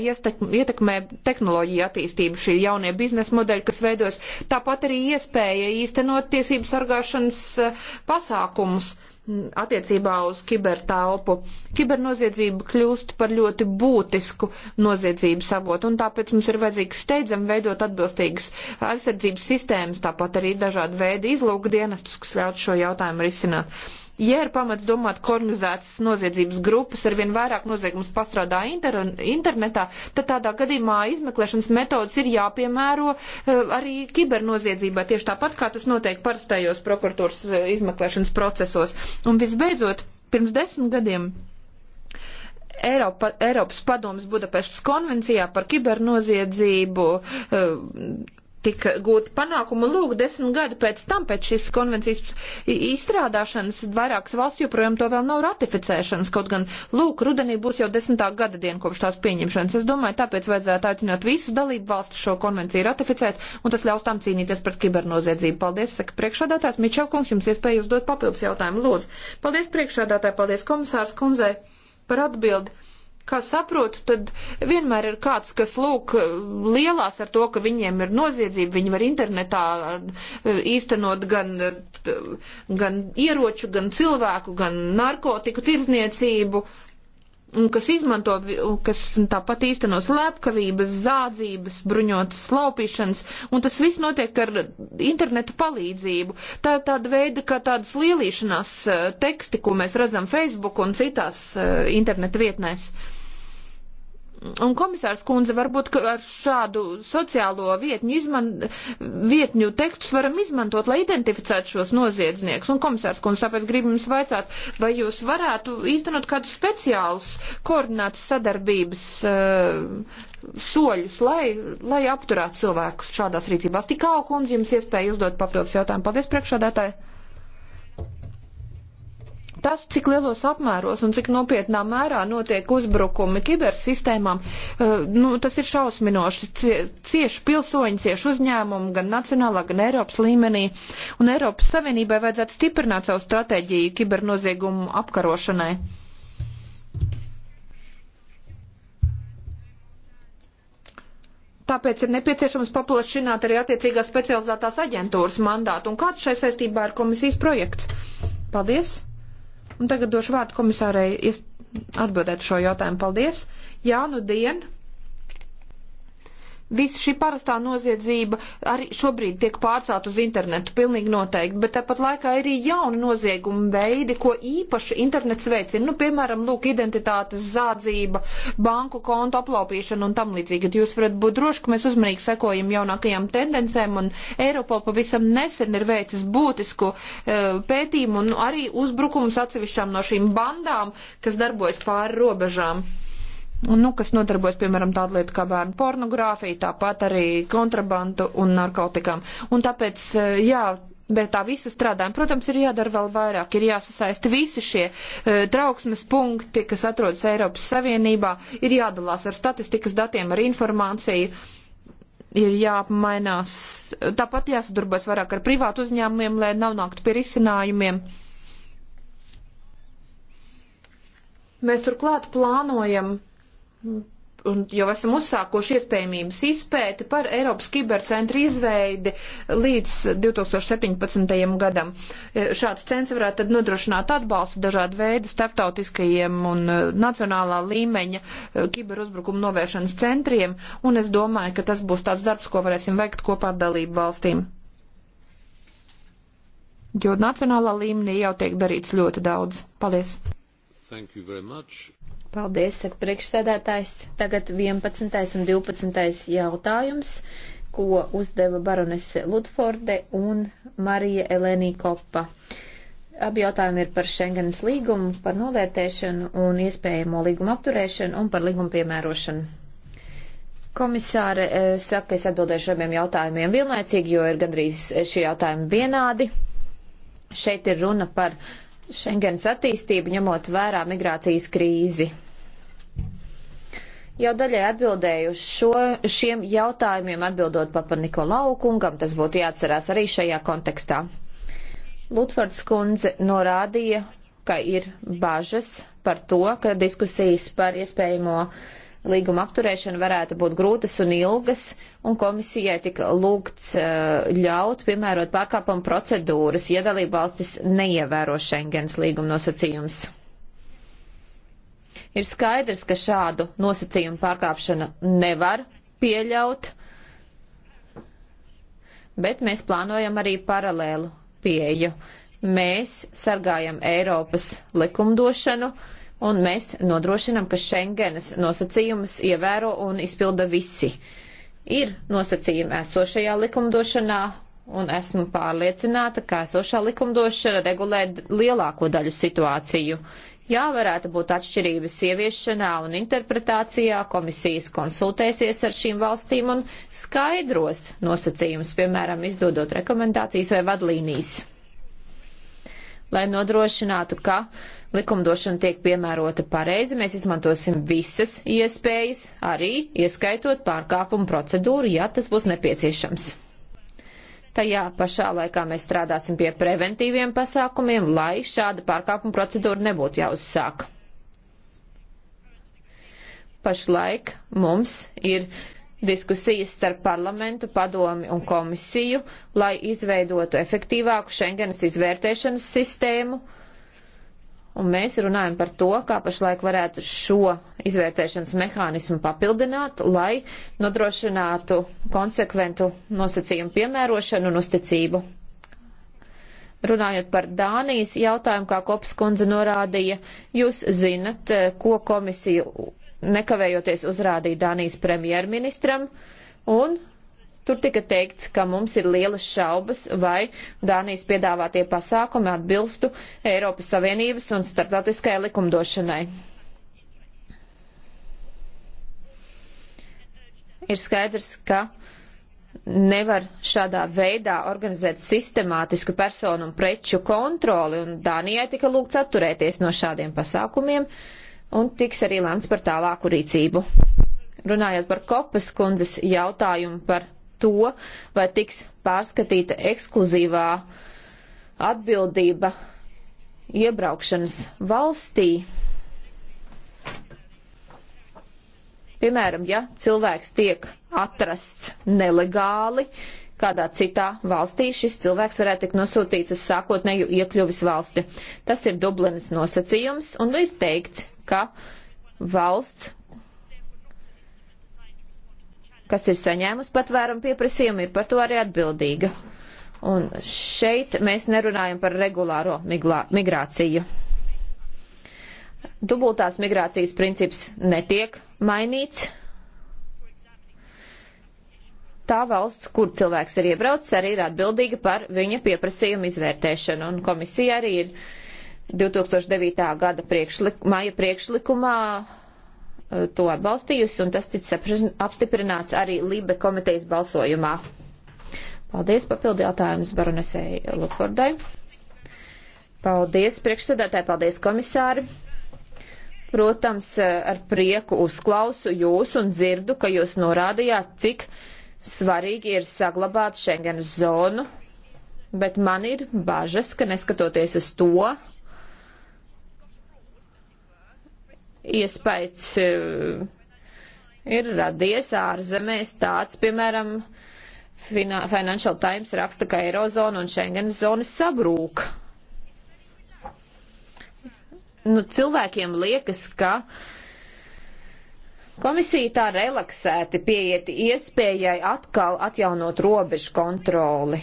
S2: ietekmē tehnoloģiju attīstību, šī jaunie biznesa modeļi, kas veidos, tāpat arī iespēja īstenot tiesību sargāšanas eh, pasākumus attiecībā uz kibertelpu. Kibernoziedzība kļūst par ļoti būtisku noziedzību savot, un tāpēc mums ir vajadzīgs steidzam veidot atbilstīgas aizsardzības sistēmas, tāpat arī dažādi veidi izlūkdienestus, kas ļautu šo jautājumu risināt. Ja ir pamats domāt, koronizētas noziedzības grupas ar vien vairāk noziegums pastrādā inter internetā, tad tādā gadījumā izmeklēšanas metodas ir jāpiemēro eh, arī kibernoziedzībai, tieši tāpat kā tas notiek parastajos prokuratūras eh, izmeklēšanas procesos. Un visbeidzot, pirms desmit gadiem. Eiropa, Eiropas padomas Budapeštas konvencijā par kibernoziedzību eh, tika gūti panākumi. Lūk, desmit gadi pēc tam, pēc šīs konvencijas izstrādāšanas, vairākas valsts joprojām to vēl nav ratificēšanas, kaut gan, lūk, rudenī būs jau desmitā gada diena kopš tās pieņemšanas. Es domāju, tāpēc vajadzētu aicināt visas dalību valstis šo konvenciju ratificēt, un tas ļaus tām cīnīties pret kibernoziedzību. Paldies, saka priekšādātājs Mičelkungs, jums iespēja uzdot papildus jautājumu. Lūdzu, paldies priekšādātāji, paldies komisārs kundzei par atbildi kā saprotu, tad vienmēr ir kāds, kas lūk lielās ar to, ka viņiem ir noziedzība, viņi var internetā e, īstenot gan, gan ieroču, gan cilvēku, gan narkotiku tirdzniecību, un kas izmanto, kas tāpat īsteno slepkavības, zādzības, bruņotas slaupīšanas, un tas viss notiek ar internetu palīdzību. Tā ir tāda veida, kā tādas lielīšanās e, teksti, ko mēs redzam Facebook un citās e, interneta vietnēs. Un komisārs kundze, varbūt ar šādu sociālo vietņu, izman, vietņu tekstus varam izmantot, lai identificētu šos noziedzniekus. Un komisārs kundze, tāpēc gribu jums vaicāt, vai jūs varētu īstenot kādus speciālus koordinātas sadarbības uh, soļus, lai, lai apturētu cilvēkus šādās rīcībās. Tikā, kundze, jums iespēja uzdot papildus jautājumu. Paldies, priekšādātāji! Tas, cik lielos apmēros un cik nopietnā mērā notiek uzbrukumi kibersistēmām, eh, nu, tas ir šausminoši. Cieši pilsoņi, cieši uzņēmumi gan nacionālā, gan Eiropas līmenī. Un Eiropas Savienībai vajadzētu stiprināt savu stratēģiju kibernoziegumu apkarošanai. Tāpēc ir nepieciešams paplašināt arī attiecīgās specializētās aģentūras mandātu. Un kāds šai saistībā ir komisijas projekts? Paldies! Un tagad došu vārdu komisārai atbildēt šo jautājumu. Paldies! Jā, nu dien! Visa šī parastā noziedzība arī šobrīd tiek pārcelt uz internetu, pilnīgi noteikti, bet tāpat laikā ir arī jauni noziegumi veidi, ko īpaši internets veicina. Nu, piemēram, lūk, identitātes zādzība, banku kontu aplaupīšana un tam līdzīgi. Jūs varat būt droši, ka mēs uzmanīgi sekojam jaunākajām tendencēm un Eiropola pavisam nesen ir veicis būtisku e, pētījumu un arī uzbrukums atsevišķām no šīm bandām, kas darbojas pāri robežām. Un, nu, kas nodarbojas, piemēram, tādu lietu kā bērnu pornogrāfija, tāpat arī kontrabandu un narkotikām. Un tāpēc, eh, jā, Bet tā visa strādājuma, protams, ir jādara vēl vairāk, ir jāsasaista visi šie uh, trauksmes punkti, kas atrodas Eiropas Savienībā, ir jādalās ar statistikas datiem, ar informāciju, ir jāapmainās, tāpat jāsadarbojas vairāk ar privātu uzņēmumiem, lai nav nākt pie risinājumiem. Mēs turklāt plānojam un jau esam uzsākuši iespējamības izpēti par Eiropas kibercentra izveidi līdz 2017. gadam. E, šāds cents varētu tad nodrošināt atbalstu dažādu veidu starptautiskajiem un e, nacionālā līmeņa e, kiberuzbrukumu novēršanas centriem, un es domāju, ka tas būs tāds darbs, ko varēsim veikt kopā ar dalību valstīm. Jo nacionālā līmenī jau tiek darīts ļoti daudz. Paldies! Thank you very much. Paldies, saka priekšsēdētājs.
S3: Tagad 11. un 12. jautājums, ko uzdeva baronese Ludforde un Marija Elēnī Koppa. Abi jautājumi ir par Schengenas līgumu, par novērtēšanu un iespējamo līgumu apturēšanu un par līgumu piemērošanu. Komisāre eh, saka, es atbildēšu abiem jautājumiem vienlaicīgi, jo ir gandrīz eh, šie jautājumi vienādi. Šeit ir runa par Schengens attīstību, ņemot vērā migrācijas krīzi jau daļai atbildējuši šo, šiem jautājumiem, atbildot papa Nikolau kungam, tas būtu jāatcerās arī šajā kontekstā. Lutfords kundze norādīja, ka ir bažas par to, ka diskusijas par iespējamo līguma apturēšanu varētu būt grūtas un ilgas, un komisijai tika lūgts eh, ļaut piemērot pārkāpumu procedūras, ja dalībvalstis neievēro Schengens līguma nosacījumus. Ir skaidrs, ka šādu nosacījumu pārkāpšanu nevar pieļaut, bet mēs plānojam arī paralēlu pieju. Mēs sargājam Eiropas likumdošanu un mēs nodrošinam, ka Schengenas nosacījumus ievēro un izpilda visi. Ir nosacījumi esošajā likumdošanā, un esmu pārliecināta, ka esošā likumdošana regulē lielāko daļu situāciju. Jā, varētu būt atšķirības ieviešanā un interpretācijā. Komisijas konsultēsies ar šīm valstīm un skaidros nosacījumus, piemēram, izdodot rekomendācijas vai vadlīnijas, lai nodrošinātu, ka likumdošana tiek piemērota pareizi. Mēs izmantosim visas iespējas, arī ieskaitot pārkāpumu procedūru, ja tas būs nepieciešams. Tajā pašā laikā mēs strādāsim pie preventīviem pasākumiem, lai šāda pārkāpuma procedūra nebūtu jāuzsāk. Pašlaik mums ir diskusijas starp parlamentu, padomi un komisiju, lai izveidotu efektīvāku Schengenas izvērtēšanas sistēmu, uh, Un mēs runājam par to, kā pašlaik varētu šo izvērtēšanas mehānismu papildināt, lai nodrošinātu konsekventu nosacījumu piemērošanu un uzticību. Runājot par Dānijas jautājumu, kā Kops kundze norādīja, jūs zinat, eh, ko komisija nekavējoties uzrādīja Dānijas premjerministram, un Tur tika teikts, ka mums ir lielas šaubas, vai Dānijas piedāvātie pasākumi atbilstu Eiropas Savienības un starptautiskajai likumdošanai. Ir skaidrs, ka nevar šādā veidā organizēt sistemātisku personu un preču kontroli, un Dānijai tika lūgts atturēties no šādiem pasākumiem, un tiks arī lēmts par tālāku rīcību. Runājot par Kopas kundzes jautājumu par to, vai tiks pārskatīta ekskluzīvā atbildība iebraukšanas valstī. Piemēram, ja cilvēks tiek atrasts nelegāli kādā citā valstī, šis cilvēks varētu tikt nosūtīts uz sākotnēju iekļuvis valsti. Tas ir Dublinas nosacījums un ir teikts, ka valsts, kas ir saņēmusi patvērumu pieprasījumu, ir par to arī atbildīga. Un šeit mēs nerunājam par regulāro miglā, migrāciju. Dubultās migrācijas princips netiek mainīts. Tā valsts, kur cilvēks ir iebraucis, arī ir atbildīga par viņa pieprasījumu izvērtēšanu. Un komisija arī ir 2009. gada priekšlik, maija priekšlikumā Uh, to atbalstījusi, un tas tic apstiprināts arī Libe komitejas balsojumā. Paldies papildi jautājums baronesei Lutfordai. Paldies priekšsēdētāji, paldies komisāri. Protams, uh, ar prieku uzklausu jūs un dzirdu, ka jūs norādījāt, cik svarīgi ir saglabāt Schengen zonu, bet man ir bažas, ka neskatoties uz to, iespējas eh, ir radies ārzemēs tāds, piemēram, Financial Times raksta, ka Eirozona un Schengen zona sabrūk. Nu, cilvēkiem liekas, ka komisija tā relaksēti pieiet iespējai atkal atjaunot robežu kontroli.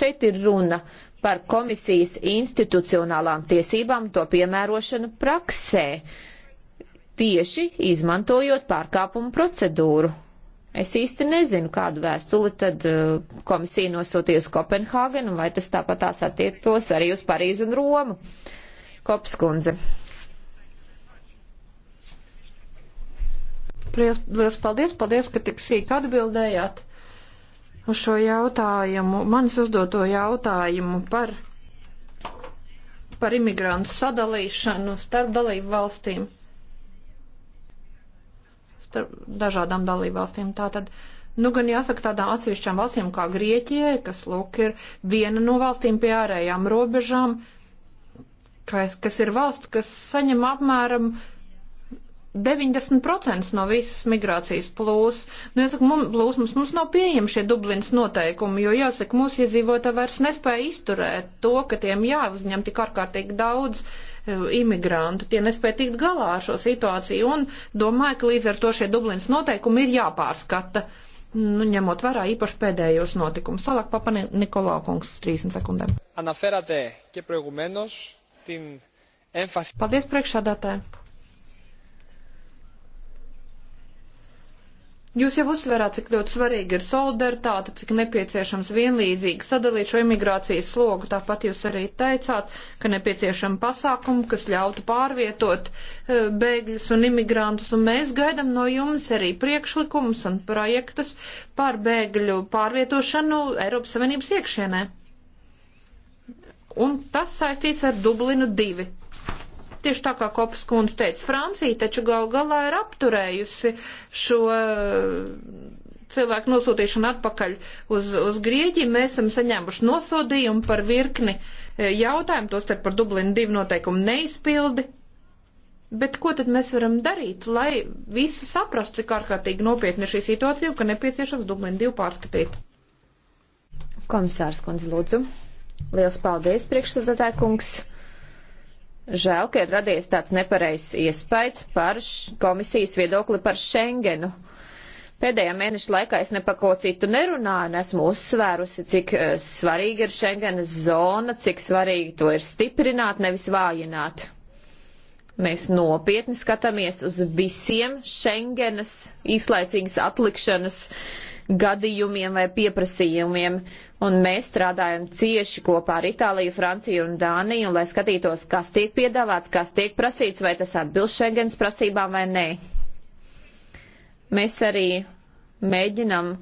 S3: Šeit ir runa par komisijas institucionālām tiesībām to piemērošanu praksē, tieši izmantojot pārkāpumu procedūru. Es īsti nezinu, kādu vēstuli tad eh, komisija nosūtīja uz Kopenhāgenu, vai tas tāpat tās
S2: attiektos arī uz Parīzu un Romu. Kopskundze. Liels paldies, paldies, ka tik sīk atbildējāt uz šo jautājumu, manis uzdoto jautājumu par, par imigrantu sadalīšanu starp dalību valstīm, starp dažādām dalību valstīm. Tātad, nu gan jāsaka tādām atsevišķām valstīm kā Grieķijai, kas lūk ir viena no valstīm pie ārējām robežām, kas, kas ir valsts, kas saņem apmēram uh, 90% no visas migrācijas plūs. Nu, jāsaka, mums, plūs, mums, mums nav pieejami šie Dublins noteikumi, jo, jāsaka, mūsu iedzīvotāji vairs nespēja izturēt to, ka tiem jāuzņem tik ārkārtīgi daudz e, imigrantu, tie nespēja tikt galā ar šo situāciju un domāju, ka līdz ar to šie Dublins noteikumi ir jāpārskata, nu, ņemot vērā īpaši pēdējos notikumus. Tālāk papa Nikolau kungs 30 sekundēm. Paldies priekšādātāji. Jūs jau uzsverāt, cik ļoti svarīga ir solidaritāte, cik nepieciešams vienlīdzīgi sadalīt šo imigrācijas slogu. Tāpat jūs arī teicāt, ka nepieciešama pasākuma, kas ļautu pārvietot e, bēgļus un imigrantus, un mēs gaidam no jums arī priekšlikumus un projektus par bēgļu pārvietošanu Eiropas Savienības iekšienē. Un tas saistīts ar Dublinu 2. Tieši tā kā Kopas kundze teica, Francija taču gal galā ir apturējusi šo eh, cilvēku nosūtīšanu atpakaļ uz, uz Grieķiju. Mēs esam saņēmuši nosodījumu par virkni eh, jautājumu, tostarp par Dublinu divu noteikumu neizpildi. Bet ko tad mēs varam darīt, lai visi saprastu, cik ārkārtīgi nopietni ir šī situācija un ka nepieciešams Dublinu divu pārskatīt?
S3: Komisārs kundze, lūdzu. Liels paldies, priekšsēdētāj kungs. Žēl, ka ir radies tāds nepareizs iespējas par komisijas viedokli par Schengenu. Pēdējā mēneša laikā es nepako citu nerunāju, un esmu uzsvērusi, cik eh, svarīga ir Schengenas zona, cik svarīgi to ir stiprināt, nevis vājināt. Mēs nopietni skatāmies uz visiem Schengenas īslaicīgas atlikšanas uh, gadījumiem vai pieprasījumiem. Un mēs strādājam cieši kopā ar Itāliju, Franciju un Dāniju, lai skatītos, kas tiek piedāvāts, kas tiek prasīts, vai tas atbilst Schengens prasībām vai nē. Mēs arī mēģinam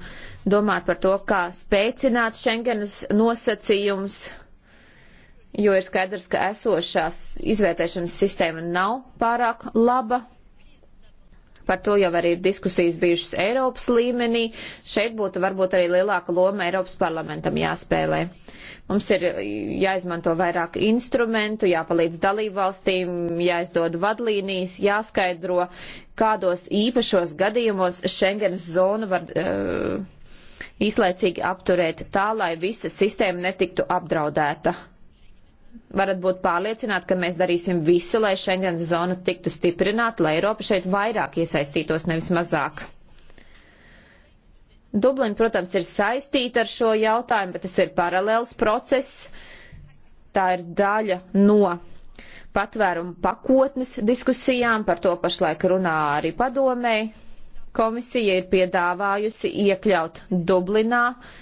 S3: domāt par to, kā spēcināt Schengenas nosacījums, jo ir skaidrs, ka esošās izvērtēšanas sistēma nav pārāk laba. Par to jau arī ir diskusijas bijušas Eiropas līmenī. Šeit būtu varbūt arī lielāka loma Eiropas parlamentam jāspēlē. Mums ir jāizmanto vairāk instrumentu, jāpalīdz dalībvalstīm, jāizdod vadlīnijas, jāskaidro, kādos īpašos gadījumos Schengenas zonu var. Uh, īslaicīgi apturēt tā, lai visa sistēma netiktu apdraudēta varat būt pārliecināti, ka mēs darīsim visu, lai Schengens zona tiktu stiprināta, lai Eiropa šeit vairāk iesaistītos, nevis mazāk. Dublina, protams, ir saistīta ar šo jautājumu, bet tas ir paralēls process. Tā ir daļa no patvērumu pakotnes diskusijām, par to pašlaik runā arī padomēji. Komisija ir piedāvājusi iekļaut Dublinā uh,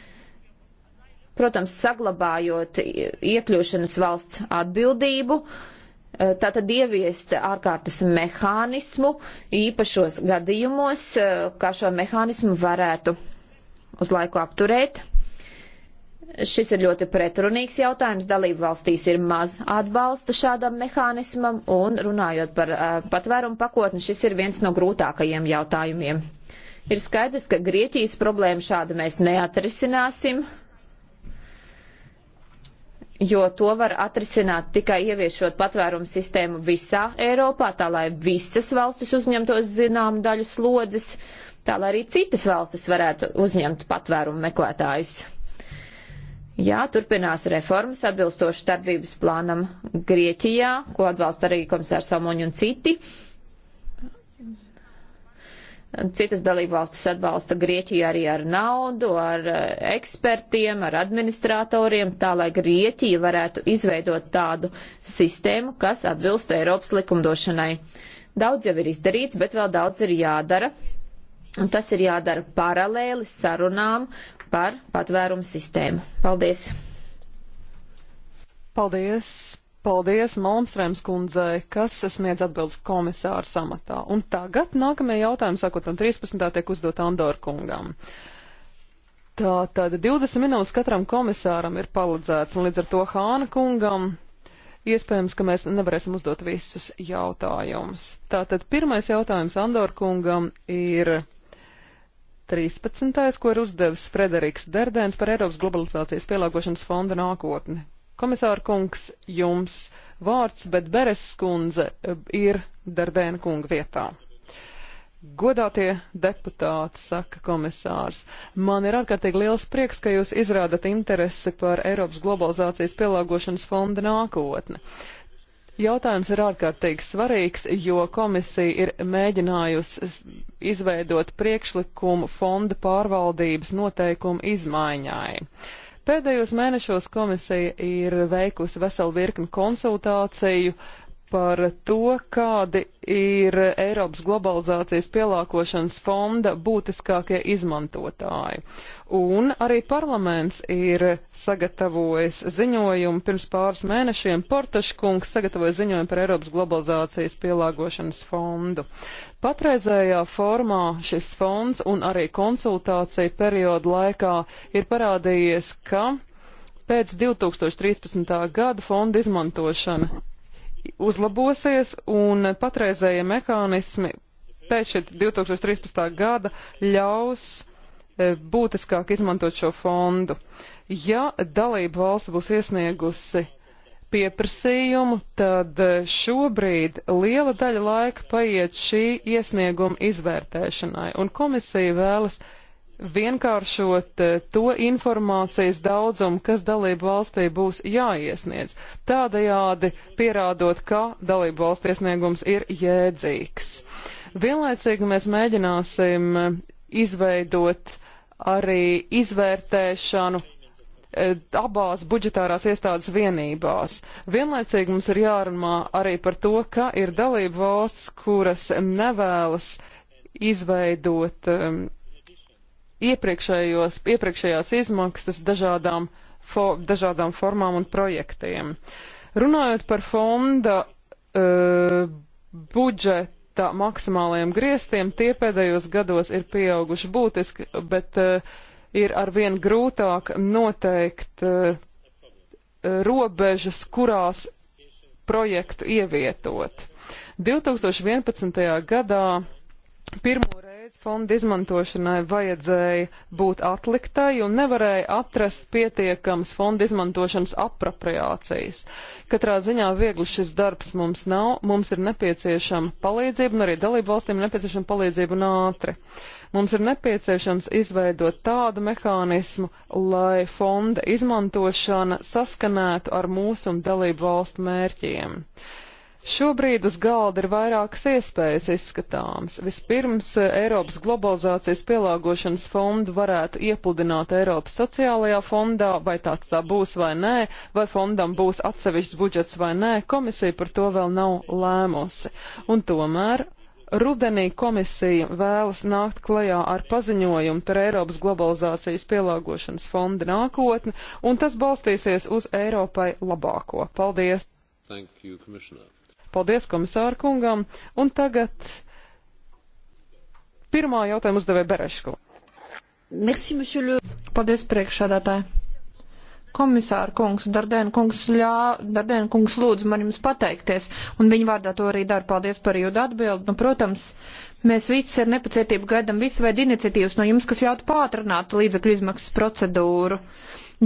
S3: protams, saglabājot iekļūšanas valsts atbildību, eh, tātad ieviest ārkārtas mehānismu īpašos gadījumos, eh, kā šo mehānismu varētu uz laiku apturēt. Šis ir ļoti pretrunīgs jautājums. Dalību valstīs ir maz atbalsta šādam mehānismam, un runājot par uh, patvērumu pakotni, šis ir viens no grūtākajiem jautājumiem. Ir skaidrs, ka Grieķijas problēmu šādu mēs neatrisināsim, jo to var atrisināt tikai ieviešot patvērumu sistēmu visā Eiropā, tā lai visas valstis uzņemtos zinām daļu slodzes, tā lai arī citas valstis varētu uzņemt patvērumu meklētājus. Jā, turpinās reformas atbilstoši darbības plānam Grieķijā, ko atbalsta arī komisārs Samoņa un citi. Uh, Citas dalībvalstis atbalsta Grieķiju arī ar naudu, ar eh, ekspertiem, ar administratoriem, tā lai Grieķija varētu izveidot tādu sistēmu, kas atbilst Eiropas likumdošanai. Daudz jau ir izdarīts, bet vēl daudz ir jādara. Un tas ir jādara paralēli
S1: sarunām par patvērumu sistēmu. Paldies! Paldies Paldies Malmstrēms kundzei, kas sniedz atbildes komisāra samatā. Un tagad nākamie jautājumi, sakot, un 13. tiek uzdot Andor kungam. Tā tad 20 minūtes katram komisāram ir paledzēts, un līdz ar to Hāna kungam iespējams, ka mēs nevarēsim uzdot visus jautājumus. Tātad pirmais jautājums Andor kungam ir 13. ko ir uzdevis Frederiks Derdēns par Eiropas globalizācijas pielāgošanas fonda nākotni. Komisāra kungs, jums vārds, bet Beres kundze e, ir Dardēna kunga vietā. Godātie deputāti, saka komisārs, man ir ārkārtīgi liels prieks, ka jūs izrādat interesi par Eiropas globalizācijas pielāgošanas fonda nākotni. Jautājums ir ārkārtīgi svarīgs, jo komisija ir mēģinājusi izveidot priekšlikumu fonda pārvaldības noteikumu izmaiņai. Pēdējos mēnešos komisija ir veikusi veselu virkni konsultāciju, uh, par to, kādi ir Eiropas globalizācijas pielāgošanas fonda būtiskākie izmantotāji. Un arī parlaments ir sagatavojis ziņojumu pirms pāris mēnešiem. Portaškungs sagatavoja ziņojumu par Eiropas globalizācijas pielāgošanas fondu. Patreizējā formā šis fonds un arī konsultācija perioda laikā ir parādījies, ka pēc 2013. gada fonda izmantošana uzlabosies un patreizējie mehānismi pēc 2013. gada ļaus e, būtiskāk izmantot šo fondu. Ja dalība valsts būs iesniegusi pieprasījumu, tad e, šobrīd liela daļa laika paiet šī iesnieguma izvērtēšanai, un komisija vēlas vienkāršot eh, to informācijas daudzumu, kas dalību valstī būs jāiesniedz. Tādējādi pierādot, ka dalību valsts iesniegums ir jēdzīgs. Vienlaicīgi mēs mēģināsim eh, izveidot arī izvērtēšanu eh, abās budžetārās iestādes vienībās. Vienlaicīgi mums ir jārunā arī par to, ka ir dalību valsts, kuras nevēlas izveidot um, iepriekšējās izmaksas dažādām, fo, dažādām formām un projektiem. Runājot par fonda uh, budžeta maksimālajiem griestiem, tie pēdējos gados ir pieauguši būtiski, bet uh, ir arvien grūtāk noteikt uh, robežas, kurās projektu ievietot. 2011. gadā pirmo fonda izmantošanai vajadzēja būt atliktai un nevarēja atrast pietiekams fonda izmantošanas apropriācijas. Katrā ziņā viegli šis darbs mums nav, mums ir nepieciešama palīdzība un arī dalību valstīm nepieciešama palīdzība un ātri. Mums ir nepieciešams izveidot tādu mehānismu, lai fonda izmantošana saskanētu ar mūsu un dalību valstu mērķiem. Šobrīd uz galda ir vairākas iespējas izskatāmas. Vispirms eh, Eiropas globalizācijas pielāgošanas fondu varētu iepludināt Eiropas sociālajā fondā, vai tāds tā būs vai nē, vai fondam būs atsevišķs budžets vai nē, komisija par to vēl nav lēmusi. Un tomēr rudenī komisija vēlas nākt klajā ar paziņojumu par Eiropas globalizācijas pielāgošanas fonda nākotni, un tas balstīsies uz Eiropai labāko. Paldies!
S2: Thank you, Commissioner.
S1: Paldies komisāru kungam. Un tagad pirmā jautājuma uzdevēja Berešku.
S2: Merci, le... Paldies, priekšādātāji. Komisāra kungs, Dardēna kungs, ļā, Dardēna kungs lūdzu man jums pateikties, un viņa vārdā to arī dara. Paldies par jūdu atbildi. Nu, protams, Mēs visi ar nepacietību gaidām visu veidu iniciatīvas no jums, kas ļautu pātrināt līdzekļu izmaksas procedūru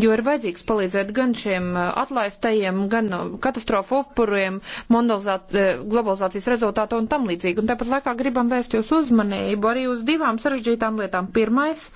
S2: jo ir vajadzīgs palīdzēt gan šiem atlaistajiem, gan katastrofu upuriem, globalizācijas rezultātu un tam līdzīgi. Un tāpat laikā gribam vērst jūs uzmanību arī uz divām sarežģītām lietām. Pirmais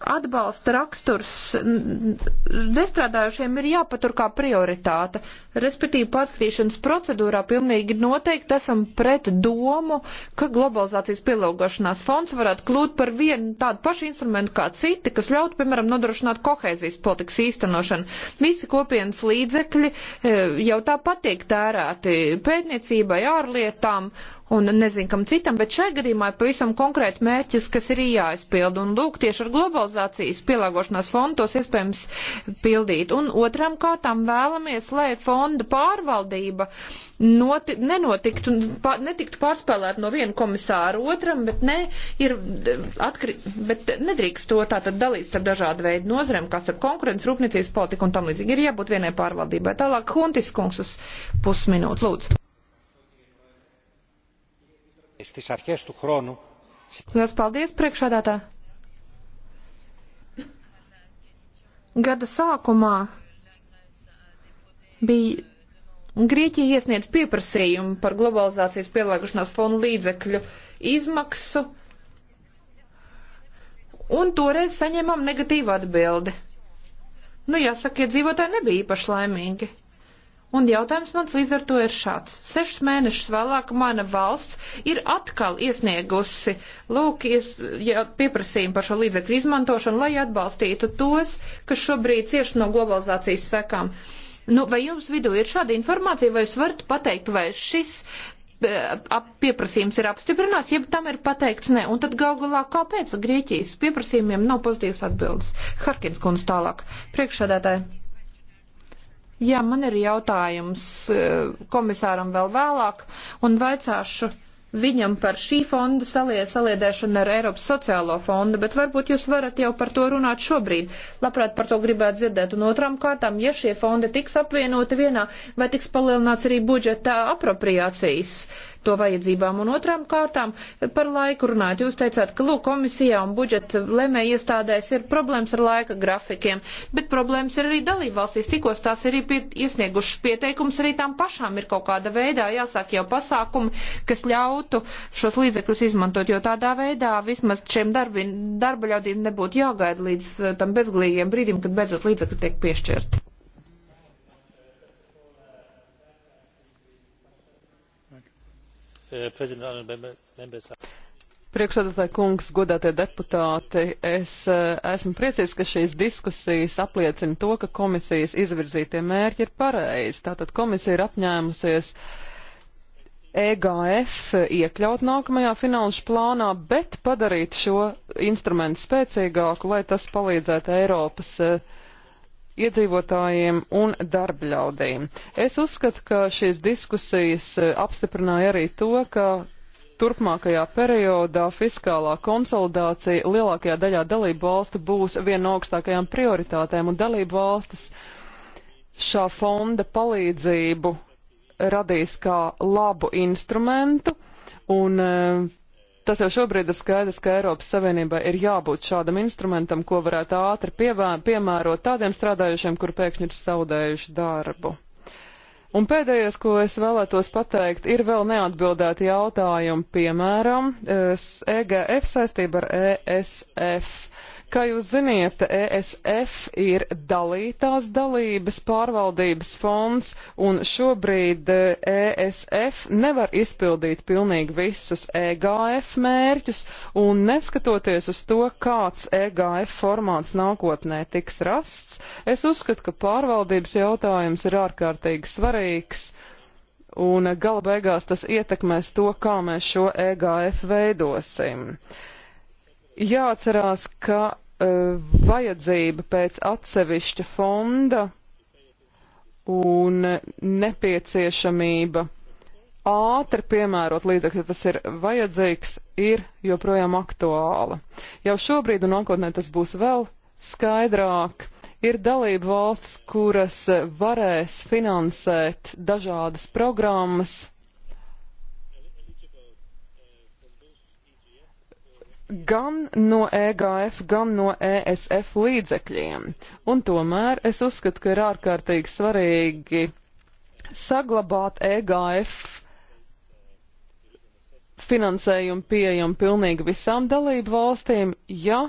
S2: atbalsta raksturs nestrādājušiem ir jāpatur kā prioritāte. Respektīvi, pārskatīšanas procedūrā pilnīgi noteikti esam pret domu, ka globalizācijas pielāgošanās fonds varētu kļūt par vienu tādu pašu instrumentu kā citi, kas ļautu, piemēram, nodrošināt kohēzijas politikas īstenošanu. Visi kopienas līdzekļi e, jau tāpat tiek tērēti pētniecībai, ārlietām un nezinu, kam citam, bet šai gadījumā ir pavisam konkrēti mērķis, kas ir jāizpild. Un lūk, tieši ar globalizācijas pielāgošanās fondu tos iespējams pildīt. Un otram kārtām vēlamies, lai fonda pārvaldība noti, nenotiktu, pār, netiktu pārspēlēt no viena komisāra otram, bet ne, ir atkri, bet nedrīkst to tātad dalīt starp dažādu veidu nozarēm, kas ar konkurences, rūpniecības politiku un tam līdzīgi ir jābūt vienai pārvaldībai. Tālāk Huntis kungs uz pusminūtu, lūdzu.
S1: Lielas
S2: paldies, priekšādātā! Gada sākumā bija Grieķija iesniedz pieprasījumu par globalizācijas pielāgošanās fondu līdzekļu izmaksu, un toreiz saņēmām negatīvu atbildi. Nu, jāsaka, iedzīvotāji nebija īpaši laimīgi. Un jautājums mans līdz ar to ir šāds. Sešas mēnešus vēlāk mana valsts ir atkal iesniegusi lūk, ies, ja, pieprasījumu par šo līdzekļu izmantošanu, lai atbalstītu tos, kas šobrīd cieši no globalizācijas sekām. Nu, vai jums vidū ir šāda informācija, vai jūs varat pateikt, vai šis eh, pieprasījums ir apstiprināts, ja tam ir pateikts nē? Un tad gal galā kāpēc Grieķijas pieprasījumiem nav pozitīvas atbildes? Harkins kundze tālāk. Priekšsēdētāji. Jā, man ir jautājums e, komisāram vēl vēlāk un vaicāšu viņam par šī fonda salie, saliedēšanu ar Eiropas sociālo fondu, bet varbūt jūs varat jau par to runāt šobrīd. Labprāt par to gribētu dzirdēt. Un otram kārtām, ja šie fondi tiks apvienoti vienā, vai tiks palielināts arī budžeta apropriācijas uh, to vajadzībām. Un otrām kārtām par laiku runāt. Jūs teicāt, ka lūk, komisijā un budžeta lemē iestādēs ir problēmas ar laika grafikiem, bet problēmas ir arī dalībvalstīs. Tikos tās ir pie, iesniegušas pieteikums, arī tām pašām ir kaut kāda veidā jāsāk jau pasākumi, kas ļautu šos līdzekļus izmantot, jo tādā veidā vismaz šiem darbi, darba ļaudīm nebūtu jāgaida līdz uh, tam bezglīgiem brīdim, kad beidzot līdzekļi tiek piešķirti.
S3: Eh,
S1: Priekšsēdētāji kungs, godātie deputāti, es eh, esmu priecīgs, ka šīs diskusijas apliecina to, ka komisijas izvirzītie mērķi ir pareizi. Tātad komisija ir apņēmusies EGF iekļaut nākamajā finanšu plānā, bet padarīt šo instrumentu spēcīgāku, lai tas palīdzētu Eiropas uh, iedzīvotājiem un darbļaudīm. Es uzskatu, ka šīs diskusijas e, apstiprināja arī to, ka turpmākajā periodā fiskālā konsolidācija lielākajā daļā dalību valstu būs viena no augstākajām prioritātēm, un dalību valstis šā fonda palīdzību radīs kā labu instrumentu, un e, Tas jau šobrīd ir skaidrs, ka Eiropas Savienībai ir jābūt šādam instrumentam, ko varētu ātri pievā, piemērot tādiem strādājušiem, kur pēkšņi ir zaudējuši darbu. Un pēdējais, ko es vēlētos pateikt, ir vēl neatbildēti jautājumi, piemēram, EGF e saistība ar ESF. Kā jūs ziniet, ESF ir dalītās dalības pārvaldības fonds, un šobrīd ESF e nevar izpildīt pilnīgi visus EGF mērķus, un neskatoties uz to, kāds EGF formāts nākotnē tiks rasts, es uzskatu, ka pārvaldības jautājums ir ārkārtīgi svarīgs. Un gala beigās tas ietekmēs to, kā mēs šo EGF veidosim jāatcerās, ka E, vajadzība pēc atsevišķa fonda un nepieciešamība ātri piemērot līdzekļus, ja tas ir vajadzīgs, ir joprojām aktuāla. Jau šobrīd un nākotnē tas būs vēl skaidrāk. Ir dalība valstis, kuras varēs finansēt dažādas programmas, gan no EGF, gan no ESF līdzekļiem. Un tomēr es uzskatu, ka ir ārkārtīgi svarīgi saglabāt EGF finansējumu pieejamu pilnīgi visām dalību valstīm, ja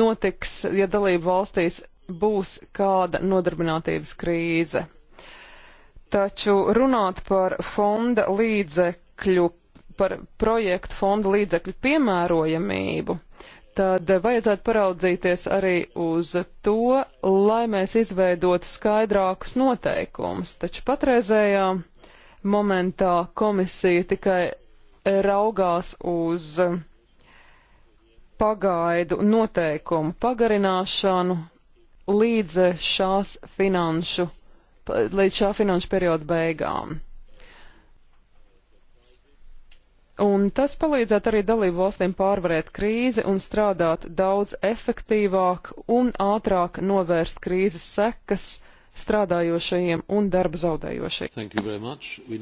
S1: notiks, ja dalību valstīs būs kāda nodarbinātības krīze. Taču runāt par fonda līdzekļu par projektu fonda līdzekļu piemērojamību, tad vajadzētu paraudzīties arī uz to, lai mēs izveidotu skaidrākus noteikumus. Taču patreizējā momentā komisija tikai raugās uz pagaidu noteikumu pagarināšanu līdz šās finanšu, līdz šā finanšu perioda beigām. Un tas palīdzētu arī dalību valstīm pārvarēt krīzi un strādāt daudz efektīvāk un ātrāk novērst krīzes sekas strādājošajiem un darba zaudējošajiem.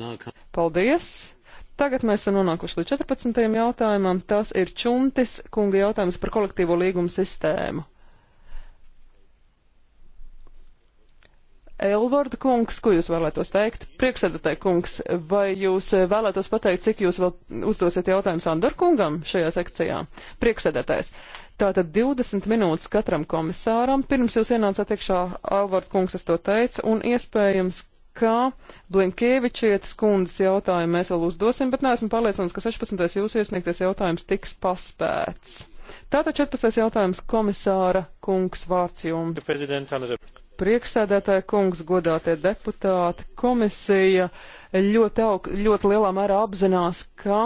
S1: Now... Paldies! Tagad mēs esam nonākuši līdz 14. jautājumam. Tas ir Čuntis kunga jautājums par kolektīvo līgumu sistēmu. Elvarda kungs, ko jūs vēlētos teikt? Priekšsēdētāji kungs, vai jūs vēlētos pateikt, cik jūs vēl uzdosiet jautājumu Sandor kungam šajā sekcijā? Priekšsēdētājs. Tātad 20 minūtes katram komisāram. Pirms jūs ienācāt iekšā, Elvarda kungs, es to teicu, un iespējams, ka Blinkievičietas kundzes jautājumu mēs vēl uzdosim, bet neesmu pārliecināts, ka 16. jūsu iesniegtais jautājums tiks paspēts. Tātad 14. jautājums komisāra kungs vārds jums priekšsēdētāja kungs, godātie deputāti, komisija ļoti, aug, ļoti lielā mērā apzinās, ka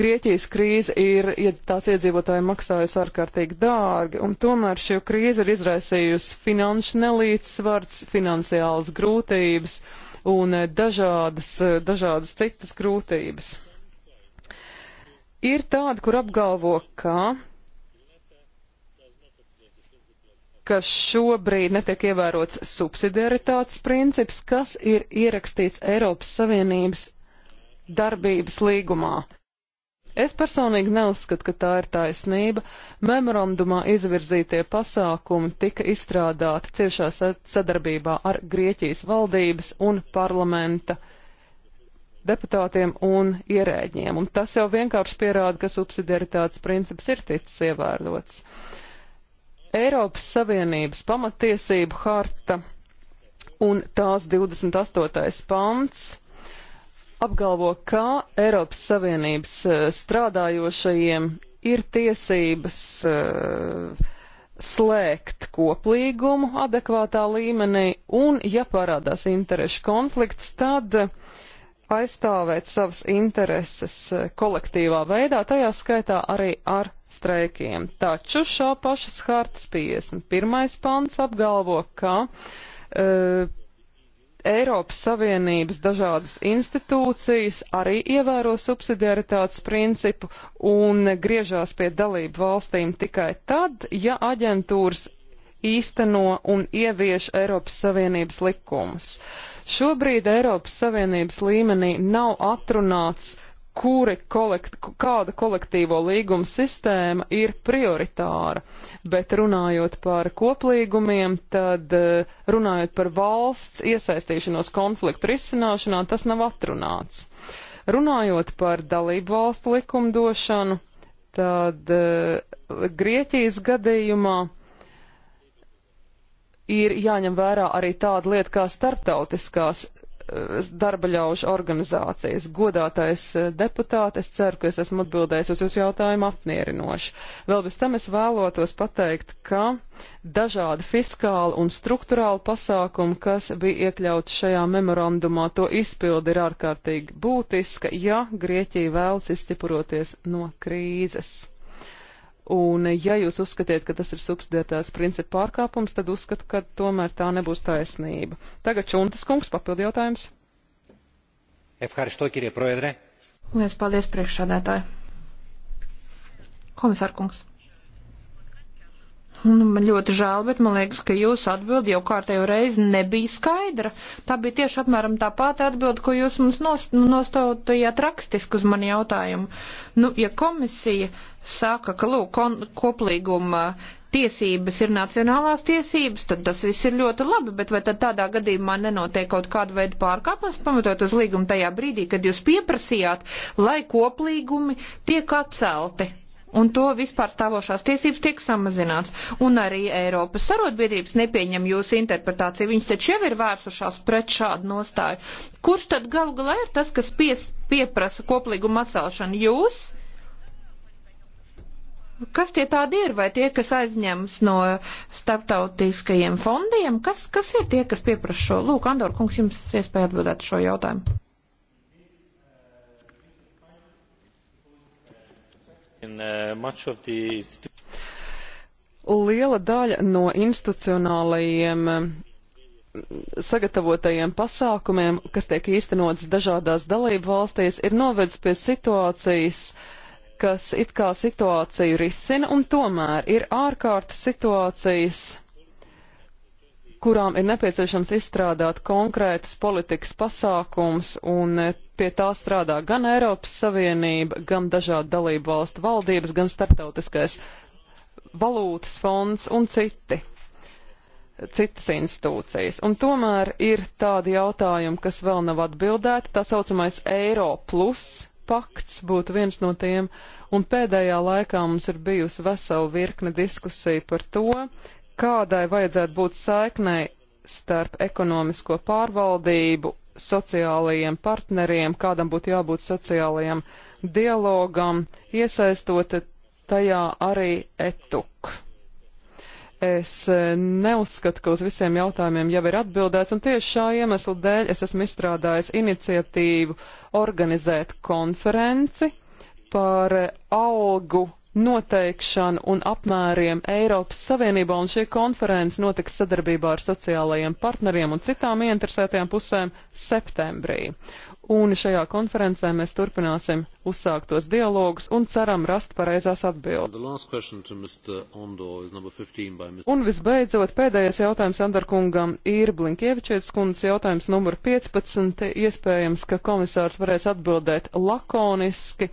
S1: Grieķijas krīze ir ja tās iedzīvotāji maksājusi ārkārtīgi dārgi, un tomēr šī krīze ir izraisījusi finanšu nelīdzsvarts, finansiālas grūtības un eh, dažādas, eh, dažādas citas grūtības. Ir tādi, kur apgalvo, ka ka šobrīd netiek ievērots subsidiaritātes princips, kas ir ierakstīts Eiropas Savienības darbības līgumā. Es personīgi neuzskatu, ka tā ir taisnība. Memorandumā izvirzītie pasākumi tika izstrādāti ciešā sadarbībā ar Grieķijas valdības un parlamenta deputātiem un ierēģiem, un tas jau vienkārši pierāda, ka subsidiaritātes princips ir ticis ievērots. Uh, Eiropas Savienības pamatiesību harta un tās 28. pants apgalvo, ka Eiropas Savienības eh, strādājošajiem ir tiesības uh, slēgt koplīgumu adekvātā līmenī, un, ja parādās interešu konflikts, tad aizstāvēt savas intereses eh, kolektīvā veidā, tajā skaitā arī ar streikiem. Taču šā pašas hartas 51. pants apgalvo, ka e, Eiropas Savienības dažādas institūcijas arī ievēro subsidiaritātes principu un griežās pie dalību valstīm tikai tad, ja aģentūras īsteno un ievieš Eiropas Savienības likumus. Šobrīd Eiropas Savienības līmenī nav atrunāts kuri kolekt, kāda kolektīvo līguma sistēma ir prioritāra, bet runājot par koplīgumiem, tad eh, runājot par valsts iesaistīšanos konfliktu risināšanā, tas nav atrunāts. Runājot par dalību valstu likumdošanu, tad eh, Grieķijas gadījumā ir jāņem vērā arī tāda lieta kā starptautiskās Eh, darba ļaužu organizācijas. Godātais eh, deputāte, es ceru, ka es esmu atbildējis uz jūsu jautājumu apmierinoši. Vēl bez tam es vēlotos pateikt, ka dažādi fiskāli un struktūrāli pasākumi, kas bija iekļauts šajā memorandumā, to izpildi ir ārkārtīgi būtiska, ja Grieķija vēlas izķepuroties no krīzes. Un, eh, ja jūs uzskatiet, ka tas ir subsidiētās principu pārkāpums, tad uzskatu, ka tomēr tā nebūs taisnība. Tagad Čuntas kungs, papildu jautājums.
S2: Lielas paldies priekšsādētāji. Komisār kungs. Un nu, man ļoti žēl, bet man liekas, ka jūsu atbildi jau kārtējo reizi nebija skaidra. Tā bija tieši apmēram tā pati atbildi, ko jūs mums nostautajāt rakstiski uz mani jautājumu. Nu, ja komisija saka, ka, lūk, kon, koplīguma tiesības ir nacionālās tiesības, tad tas viss ir ļoti labi, bet vai tad tādā gadījumā nenotiek kaut kāda veida pārkāpums pamatot uz līgumu tajā brīdī, kad jūs pieprasījāt, lai koplīgumi tiek atcelti? un to vispār stāvošās tiesības tiek samazināts. Un arī Eiropas sarotbiedrības nepieņem jūsu interpretāciju. Viņas taču jau ir vērsušās pret šādu nostāju. Kurš tad galu galā ir tas, kas pies, pieprasa koplīgumu atcelšanu? Jūs? Kas tie tādi ir? Vai tie, kas aizņems no starptautiskajiem fondiem? Kas, kas ir tie, kas pieprasa šo? Lūk, Andor, kungs, jums iespēja atbildēt šo jautājumu.
S1: Uh, Liela daļa no institucionālajiem um, sagatavotajiem pasākumiem, kas tiek īstenots dažādās dalību valstīs, ir novedis pie situācijas, kas it kā situāciju risina, un tomēr ir ārkārtas situācijas, kurām ir nepieciešams izstrādāt konkrētus politikas pasākums, un pie tā strādā gan Eiropas Savienība, gan dažādi dalību valstu valdības, gan starptautiskais valūtas fonds un citi, citas institūcijas. Un tomēr ir tādi jautājumi, kas vēl nav atbildēti. Tā saucamais Eiro plus pakts būtu viens no tiem. Un pēdējā laikā mums ir bijusi vesela virkne diskusija par to, kādai vajadzētu būt saiknei starp ekonomisko pārvaldību sociālajiem partneriem, kādam būtu jābūt sociālajam dialogam, iesaistot tajā arī etuk. Es e, neuzskatu, ka uz visiem jautājumiem jau ir atbildēts, un tieši šā iemesla dēļ es esmu izstrādājis iniciatīvu organizēt konferenci par algu noteikšanu un apmēriem Eiropas Savienībā, un šī konference notiks sadarbībā ar sociālajiem partneriem un citām ieinteresētajām pusēm septembrī un šajā konferencē mēs turpināsim uzsāktos dialogus un ceram rast pareizās atbildes. Un visbeidzot, pēdējais jautājums Andarkungam ir Blinkievičietas kundas jautājums numur 15. Iespējams, ka komisārs varēs atbildēt lakoniski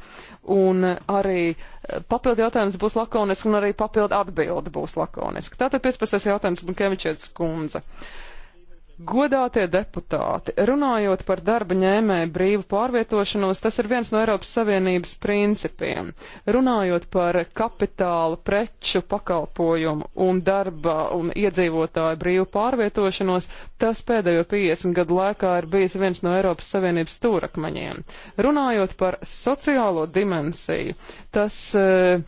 S1: un arī eh, papildu jautājums būs lakoniski un arī papildu atbildi būs lakoniski. Tātad 15. jautājums Blinkievičietas kundze. Uh, Godātie deputāti, runājot par darba ņēmēju brīvu pārvietošanos, tas ir viens no Eiropas Savienības principiem. Runājot par kapitālu, preču, pakalpojumu un darba un iedzīvotāju brīvu pārvietošanos, tas pēdējo 50 gadu laikā ir bijis viens no Eiropas Savienības stūrakmeņiem. Runājot par sociālo dimensiju, tas. Uh,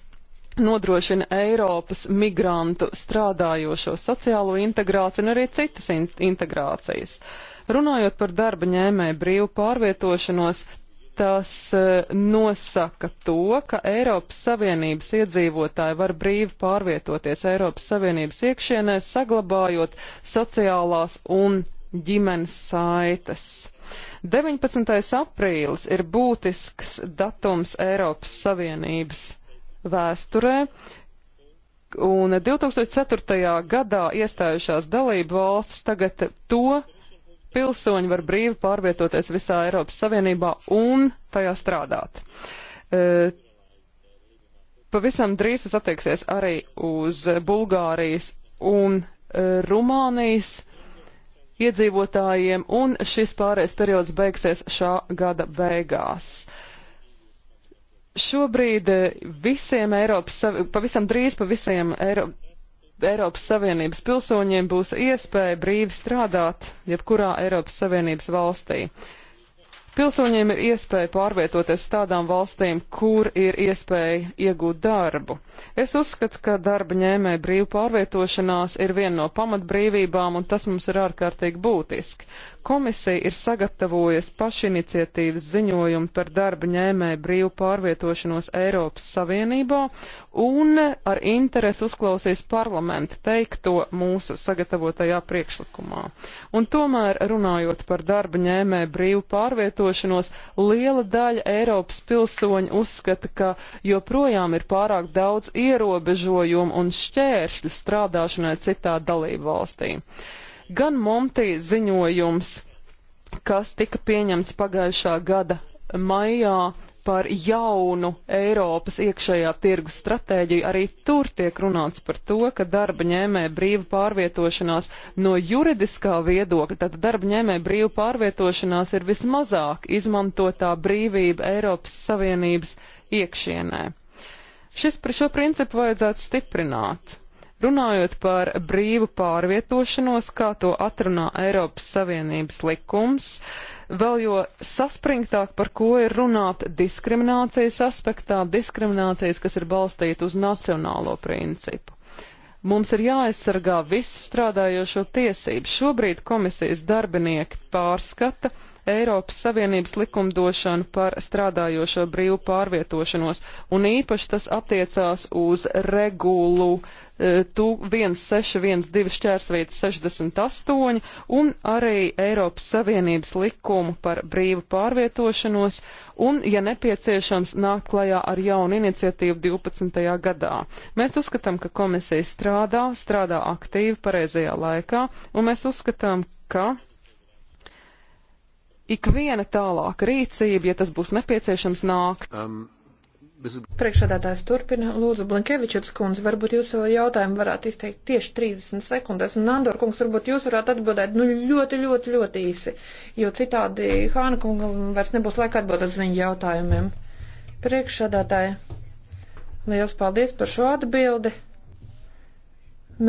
S1: nodrošina Eiropas migrantu strādājošo sociālo integrāciju un arī citas in integrācijas. Runājot par darba ņēmēju brīvu pārvietošanos, tas e, nosaka to, ka Eiropas Savienības iedzīvotāji var brīvi pārvietoties Eiropas Savienības iekšienē, saglabājot sociālās un ģimenes saites. 19. aprīlis ir būtisks datums Eiropas Savienības vēsturē, un 2004. gadā iestājušās dalību valstis tagad to pilsoņi var brīvi pārvietoties visā Eiropas Savienībā un tajā strādāt. E, pavisam drīz tas attieksies arī uz Bulgārijas un e, Rumānijas iedzīvotājiem, un šis pārējais periods beigsies šā gada beigās. Šobrīd eh, visiem Eiropas, pavisam drīz pa visiem Eiro, Eiropas Savienības pilsoņiem būs iespēja brīvi strādāt jebkurā Eiropas Savienības valstī. Pilsoņiem ir iespēja pārvietoties tādām valstīm, kur ir iespēja iegūt darbu. Es uzskatu, ka darba ņēmēja brīvu pārvietošanās ir viena no pamatbrīvībām, un tas mums ir ārkārtīgi būtiski. Komisija ir sagatavojusi pašiniciatīvas ziņojumu par darba ņēmēju brīvu pārvietošanos Eiropas Savienībā un ar interesi uzklausīs parlamenta teikto mūsu sagatavotajā priekšlikumā. Un tomēr, runājot par darba ņēmēju brīvu pārvietošanos, liela daļa Eiropas pilsoņu uzskata, ka joprojām ir pārāk daudz ierobežojumu un šķēršļu strādāšanai citā dalību valstī gan Monti ziņojums, kas tika pieņemts pagājušā gada maijā par jaunu Eiropas iekšējā tirgus stratēģiju. Arī tur tiek runāts par to, ka darba ņēmē brīva pārvietošanās no juridiskā viedokļa, tad darba ņēmē brīva pārvietošanās ir vismazāk izmantotā brīvība Eiropas Savienības iekšienē. Šis par šo principu vajadzētu stiprināt. Runājot par brīvu pārvietošanos, kā to atrunā Eiropas Savienības likums, vēl jo saspringtāk par ko ir runāt diskriminācijas aspektā, diskriminācijas, kas ir balstīta uz nacionālo principu. Mums ir jāaizsargā visu strādājošo tiesību. Šobrīd komisijas darbinieki pārskata Eiropas Savienības likumdošanu par strādājošo brīvu pārvietošanos, un īpaši tas attiecās uz regulu e, 1612 šķērsvietas 68 un arī Eiropas Savienības likumu par brīvu pārvietošanos un, ja nepieciešams, nākt klajā ar jaunu iniciatīvu 12. gadā. Mēs uzskatām, ka komisija strādā, strādā aktīvi pareizajā laikā, un mēs uzskatām, ka ikviena tālāka rīcība, ja tas būs nepieciešams, nāk. Um. Priekšādātājs turpina, lūdzu, Blankevičs kundze, varbūt jūs savu
S2: jautājumu varētu izteikt tieši 30 sekundēs, un Nandor kungs, varbūt jūs varētu atbildēt, nu, ļoti, ļoti, ļoti īsi, jo citādi Hāna kungam vairs nebūs laika atbildēt uz viņu jautājumiem. Priekšādātāji, liels paldies par šo atbildi.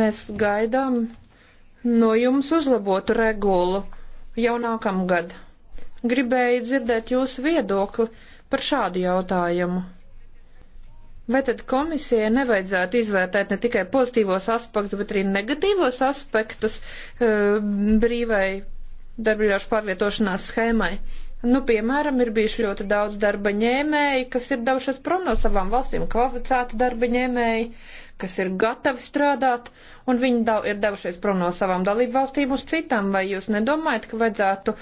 S2: Mēs gaidām no jums uzlabotu regulu jau nākamgad gribēju dzirdēt jūsu viedokli par šādu jautājumu. Vai tad komisijai nevajadzētu izvērtēt ne tikai pozitīvos aspektus, bet arī negatīvos aspektus e, brīvai darbļaušu pārvietošanās schēmai? Nu, piemēram, ir bijuši ļoti daudz darba ņēmēji, kas ir devušies prom no savām valstīm, kvalificēti darba ņēmēji, kas ir gatavi strādāt. Uh, un viņi da ir devušies prom no savām dalību valstīm uz citām. Vai jūs nedomājat, ka vajadzētu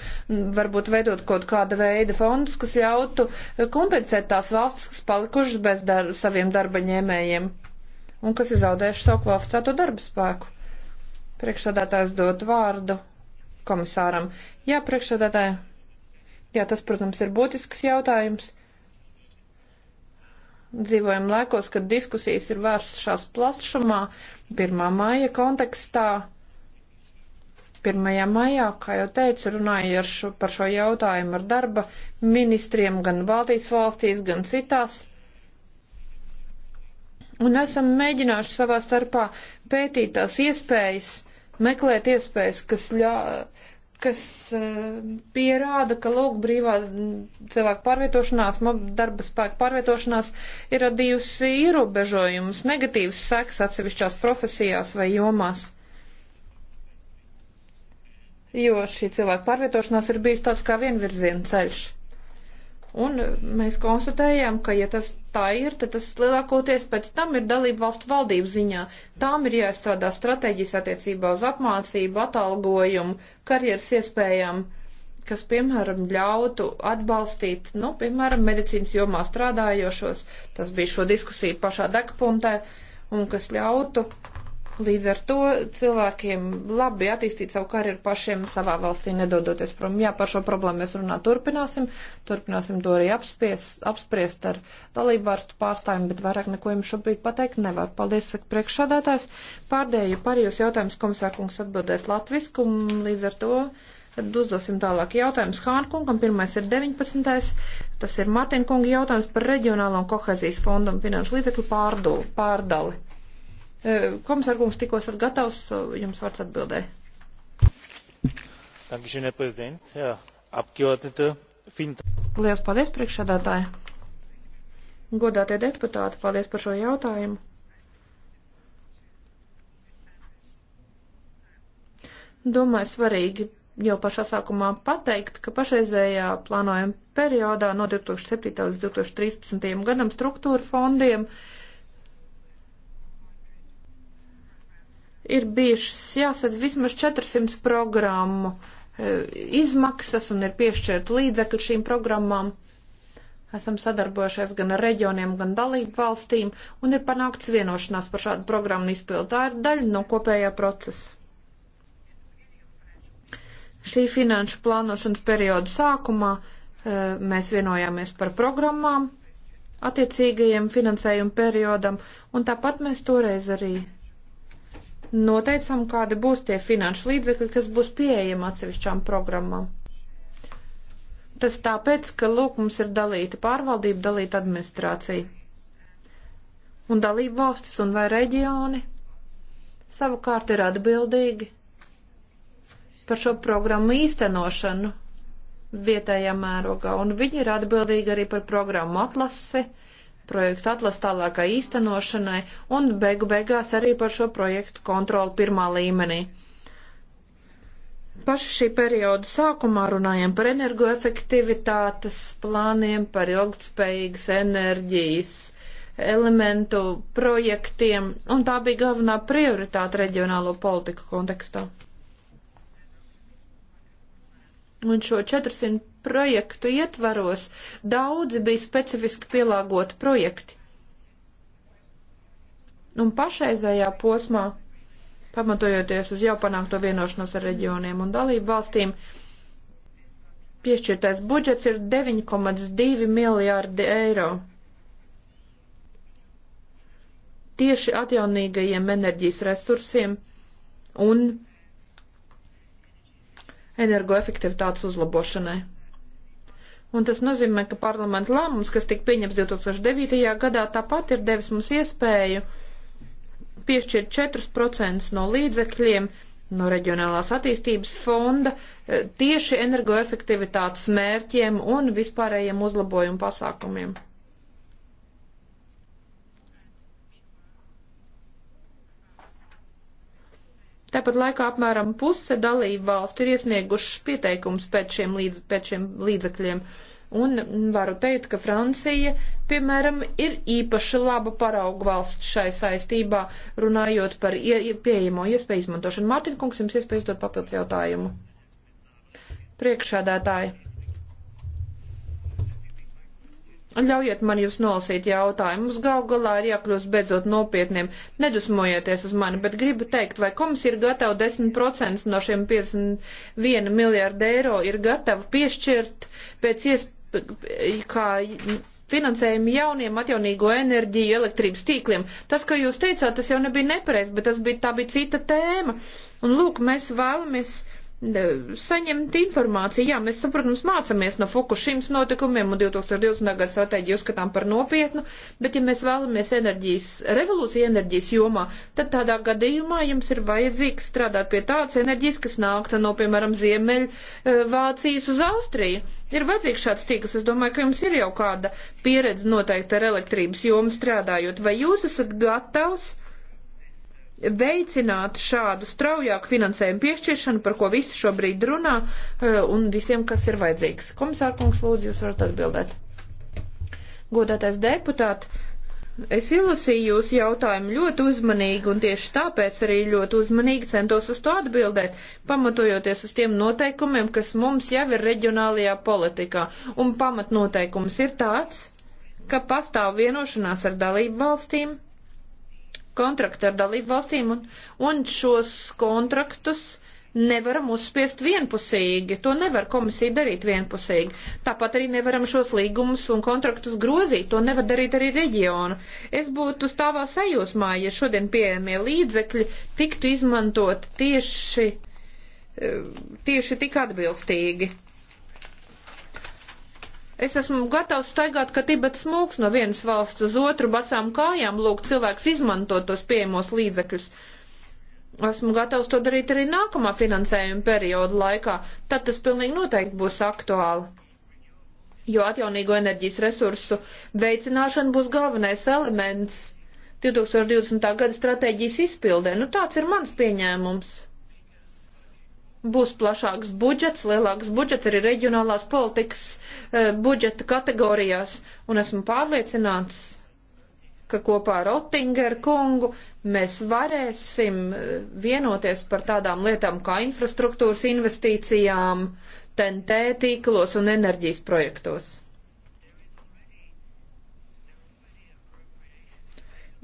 S2: varbūt veidot kaut kāda veida fondus, kas ļautu eh, kompensēt tās valstis, kas palikušas bez dar saviem darba ņēmējiem un kas ir zaudējuši savu kvalificēto darba spēku? Priekšsādātājs dot vārdu komisāram. Jā, priekšsādātāji. Jā, tas, protams, ir būtisks jautājums dzīvojam laikos, kad diskusijas ir vērstas plašumā, 1. māja kontekstā. 1. maijā, kā jau teicu, runāju šo, par šo jautājumu ar darba ministriem gan Baltijas valstīs, gan citās. Un esam mēģinājuši savā starpā pētīt tās iespējas, meklēt iespējas, kas ļauj kas eh, pierāda, ka lūk brīvā cilvēku pārvietošanās, darba spēku pārvietošanās ir radījusi ierobežojumus, negatīvas sekas atsevišķās profesijās vai jomās. Jo šī cilvēku pārvietošanās ir bijis tāds kā vienvirziena ceļš. Un mēs konstatējām, ka, ja tas tā ir, tad tas lielākoties pēc tam ir dalību valstu valdību ziņā. Tām ir jāizstrādā stratēģijas attiecībā uz apmācību, atalgojumu, karjeras iespējām, kas, piemēram, ļautu atbalstīt, nu, piemēram, medicīnas jomā strādājošos. Tas bija šo diskusiju pašā degpuntē, un kas ļautu Līdz ar to cilvēkiem labi attīstīt savu karjeru pašiem savā valstī, nedodoties prom. Jā, par šo problēmu mēs runāt turpināsim, turpināsim to arī apspies, apspriest ar dalību vārstu pārstāvjiem, bet vairāk neko jums šobrīd pateikt nevar. Paldies, saka priekšsādātājs. Pārdēju par jūs jautājums komisārkungs atbildēs latvisku, līdz ar to uzdosim tālāk jautājumus Hānkungam. Pirmais ir 19. Tas ir Martinkunga jautājums par reģionālo un kohezijas fondu un finanšu līdzekļu pārdali. Komisārkungs, tikko esat gatavs, jums vārds atbildē. Lielas paldies, priekšsādātāji. Godātie deputāti, paldies par šo jautājumu. Domāju, svarīgi jau pašā sākumā pateikt, ka pašreizējā plānojuma periodā no 2007. līdz 2013. gadam struktūra fondiem uh, ir bijušas, jāsaka, vismaz 400 programmu e, izmaksas un ir piešķirt līdzekļu šīm programmām. Esam sadarbojušies gan ar reģioniem, gan dalību valstīm un ir panākts vienošanās par šādu programmu izpildu. Tā ir daļa no kopējā procesa. Šī finanšu plānošanas perioda sākumā e, mēs vienojāmies par programmām attiecīgajiem finansējumu periodam, un tāpat mēs toreiz arī noteicām, kādi būs tie finanšu līdzekļi, kas būs pieejami atsevišķām programmām. Tas tāpēc, ka, lūk, mums ir dalīta pārvaldība, dalīta administrācija. Un dalība valstis un vai reģioni savukārt ir atbildīgi par šo programmu īstenošanu vietējā mērogā, un viņi ir atbildīgi arī par programmu atlasi, uh, projektu atlas tālākai īstenošanai un beigu beigās arī par šo projektu kontroli pirmā līmenī. Paši šī perioda sākumā runājam par energoefektivitātes plāniem, par ilgtspējīgas enerģijas elementu projektiem, un tā bija galvenā prioritāte reģionālo politiku kontekstā. Un šo 400 projektu ietvaros daudzi bija specifiski pielāgoti projekti. Un pašreizējā posmā, pamatojoties uz jau panākto vienošanos ar reģioniem un dalību valstīm, piešķirtais budžets ir 9,2 miljārdi eiro. Tieši atjaunīgajiem enerģijas resursiem un energoefektivitātes uzlabošanai. Un tas nozīmē, ka parlamenta lēmums, kas tika pieņems 2009. gadā, tāpat ir devis mums iespēju piešķirt 4% no līdzekļiem no reģionālās attīstības fonda eh, tieši energoefektivitātes mērķiem un vispārējiem uzlabojumu pasākumiem. Tāpat laikā apmēram puse dalību valstu ir iesniegušas pieteikums pēc šiem, līdz, pēc šiem līdzekļiem. Un varu teikt, ka Francija, piemēram, ir īpaši laba parauga valsts šai saistībā, runājot par ie, pieejamo iespēju izmantošanu. Mārtiņkungs, jums iespējas dot papildus jautājumu. Priekšādātāji. Ļaujiet man jūs nolasīt jautājumus. Gal galā ir jākļūst beidzot nopietniem. Nedusmojieties uz mani, bet gribu teikt, vai komisija ir gatava 10% no šiem 51 miljārdu eiro ir gatava piešķirt pēc iespējas, kā finansējumu jauniem atjaunīgo enerģiju elektrības tīkliem. Tas, ko jūs teicāt, tas jau nebija nepareizi, bet tas bija, tā bija cita tēma. Un lūk, mēs vēlamies saņemt informāciju. Jā, mēs, protams, mācāmies no Fukushimas notikumiem un 2020. gada stratēģiju uzskatām par nopietnu, bet ja mēs vēlamies enerģijas, revolūciju enerģijas jomā, tad tādā gadījumā jums ir vajadzīgs strādāt pie tādas enerģijas, kas nāktu no, piemēram, Ziemeļ eh, Vācijas uz Austriju. Ir vajadzīgs šāds tīkls. Es domāju, ka jums ir jau kāda pieredze noteikti ar elektrības jomu strādājot. Vai jūs esat gatavs? veicināt šādu straujāku finansējumu piešķiršanu, par ko visi šobrīd runā, eh, un visiem, kas ir vajadzīgs. Komisārkungs, lūdzu, jūs varat atbildēt. Godātais deputāt, es ilasīju jūsu jautājumu ļoti uzmanīgi, un tieši tāpēc arī ļoti uzmanīgi centos uz to atbildēt, pamatojoties uz tiem noteikumiem, kas mums jau ir reģionālajā politikā. Un pamatnoteikums ir tāds, ka pastāv vienošanās ar dalību valstīm kontrakti ar dalību valstīm, un, un šos kontraktus nevaram uzspiest vienpusīgi. To nevar komisija darīt vienpusīgi. Tāpat arī nevaram šos līgumus un kontraktus grozīt. To nevar darīt arī reģionu. Es būtu stāvā sajūsmā, ja šodien pieejamie līdzekļi tiktu izmantot tieši, eh, tieši tik atbilstīgi. Es esmu gatavs staigāt, ka Tibets smūgs no vienas valsts uz otru basām kājām, lūk cilvēks izmantot tos pieejamos līdzekļus. Esmu gatavs to darīt arī nākamā finansējuma perioda laikā, tad tas pilnīgi noteikti būs aktuāli jo atjaunīgo enerģijas resursu veicināšana būs galvenais elements 2020. gada stratēģijas izpildē. Nu, tāds ir mans pieņēmums. Būs plašāks budžets, lielāks budžets arī reģionālās politikas Eh, budžeta kategorijās, un esmu pārliecināts, ka kopā ar Otingeru kungu mēs varēsim eh, vienoties par tādām lietām kā infrastruktūras investīcijām, TNT tīklos un enerģijas projektos.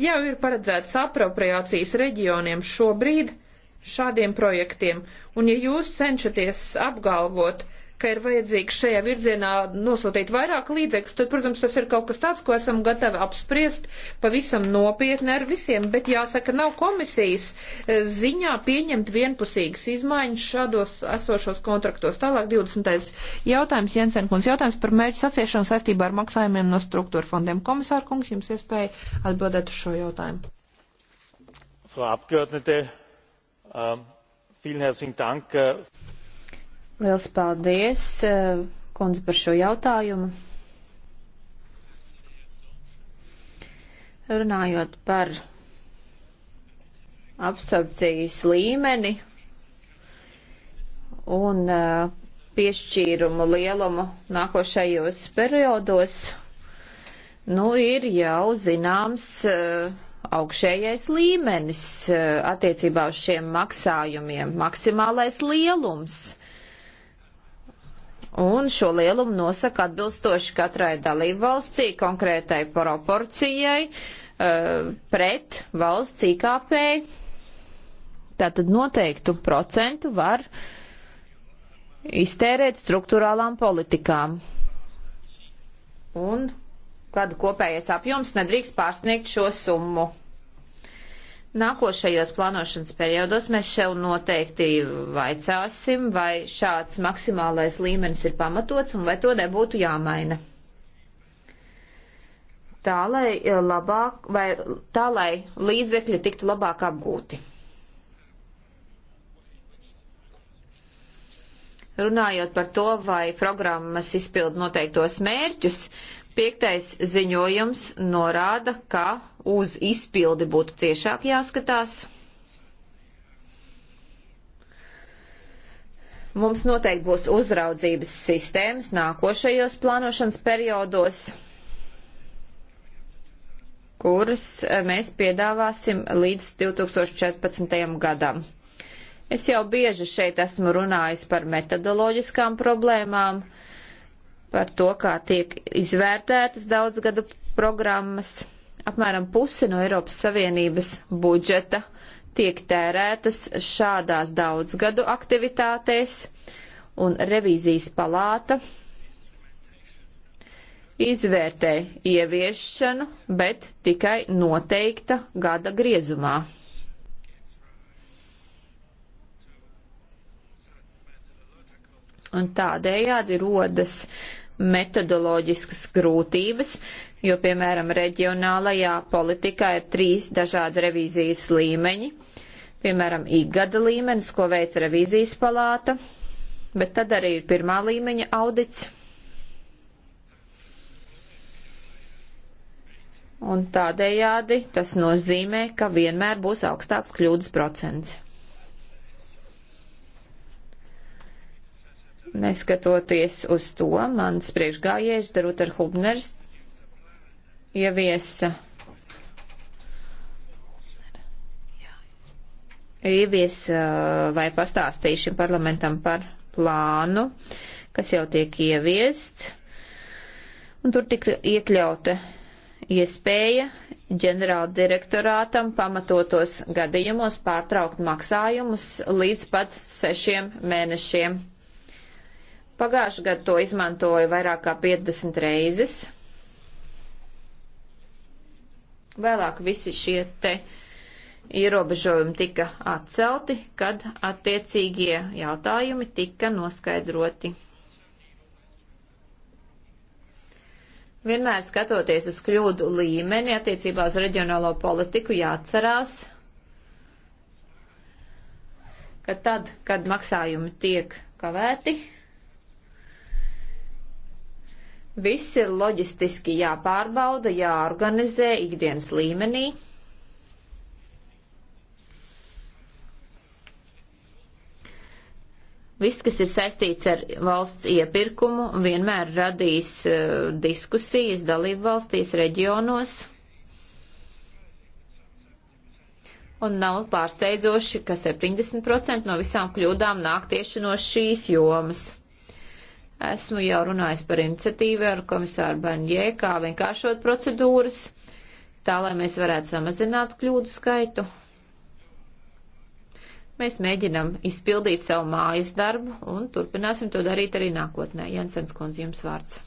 S2: Jau ir paredzētas apropriācijas reģioniem šobrīd šādiem projektiem, un ja jūs cenšaties apgalvot, ka ir vajadzīgs šajā virzienā nosūtīt vairāk līdzekļus, tad, protams, tas ir kaut kas tāds, ko esam gatavi apspriest pavisam nopietni ar visiem, bet jāsaka, nav komisijas e, ziņā pieņemt vienpusīgas izmaiņas šādos esošos kontraktos. Tālāk 20. jautājums, Jensenkungs, jautājums par mērķu sasiešanu saistībā ar maksājumiem no struktūra fondiem. Komisārkungs, jums iespēja atbildēt uz šo jautājumu. Frau
S3: Abgeordnete, ähm, vielen herzlichen Dank. Äh, Liels paldies, eh, kundze, par šo jautājumu. Runājot par absorpcijas līmeni un eh, piešķīrumu lielumu nākošajos periodos, nu, ir jau zināms eh, augšējais līmenis attiecībā uz šiem maksājumiem, maksimālais lielums un šo lielumu nosaka atbilstoši katrai dalībvalstī konkrētai proporcijai uh, pret valsts IKP. Tātad noteiktu procentu var iztērēt struktūrālām politikām. Un kad kopējais apjoms nedrīkst pārsniegt šo summu. Nākošajos plānošanas periodos mēs jau noteikti vaicāsim, vai šāds maksimālais līmenis ir pamatots un vai to nebūtu jāmaina. Tā lai, e, labāk, vai, tā, lai līdzekļi tiktu labāk apgūti. Runājot par to, vai programmas izpild noteiktos mērķus, piektais ziņojums norāda, ka uz izpildi būtu ciešāk jāskatās. Mums noteikti būs uzraudzības sistēmas nākošajos plānošanas periodos, kuras mēs piedāvāsim līdz 2014. gadam. Es jau bieži šeit esmu runājis par metodoloģiskām problēmām, par to, kā tiek izvērtētas daudzgadu programmas apmēram puse no Eiropas Savienības budžeta tiek tērētas šādās daudzgadu aktivitātēs, un revīzijas palāta izvērtē ieviešanu, bet tikai noteikta gada griezumā. Un tādējādi rodas metodoloģiskas grūtības, jo, piemēram, reģionālajā politikā ir trīs dažādi revīzijas līmeņi. Piemēram, ikgada līmenis, ko veic revīzijas palāta, bet tad arī ir pirmā līmeņa audits. Un tādējādi tas nozīmē, ka vienmēr būs augstāks kļūdas procents. Neskatoties uz to, mans priekšgājējs Daruter Hubners ieviesa, ieviesa vai pastāstīja šim parlamentam par plānu, kas jau tiek ieviests, un tur tika iekļauta iespēja ģenerāla direktorātam pamatotos gadījumos pārtraukt maksājumus līdz pat sešiem mēnešiem. Pagājušajā gadā to izmantoja vairāk kā 50 reizes. Vēlāk visi šie te ierobežojumi tika atcelti, kad attiecīgie jautājumi tika noskaidroti. Vienmēr skatoties uz kļūdu līmeni attiecībā uz reģionālo politiku, jāatcerās, ka tad, kad maksājumi tiek kavēti, Viss ir loģistiski jāpārbauda, jāorganizē ikdienas līmenī. Viss, kas ir saistīts ar valsts iepirkumu, vienmēr radīs uh, diskusijas dalību valstīs, reģionos. Un nav pārsteidzoši, ka 70% no visām kļūdām nāk tieši no šīs jomas. Esmu jau runājis par iniciatīvu ar komisāru Banjē, kā vienkāršot procedūras, tā lai mēs varētu samazināt kļūdu skaitu. Mēs mēģinam izpildīt savu mājas darbu un turpināsim to darīt arī nākotnē. Jensens Kundze, jums vārds.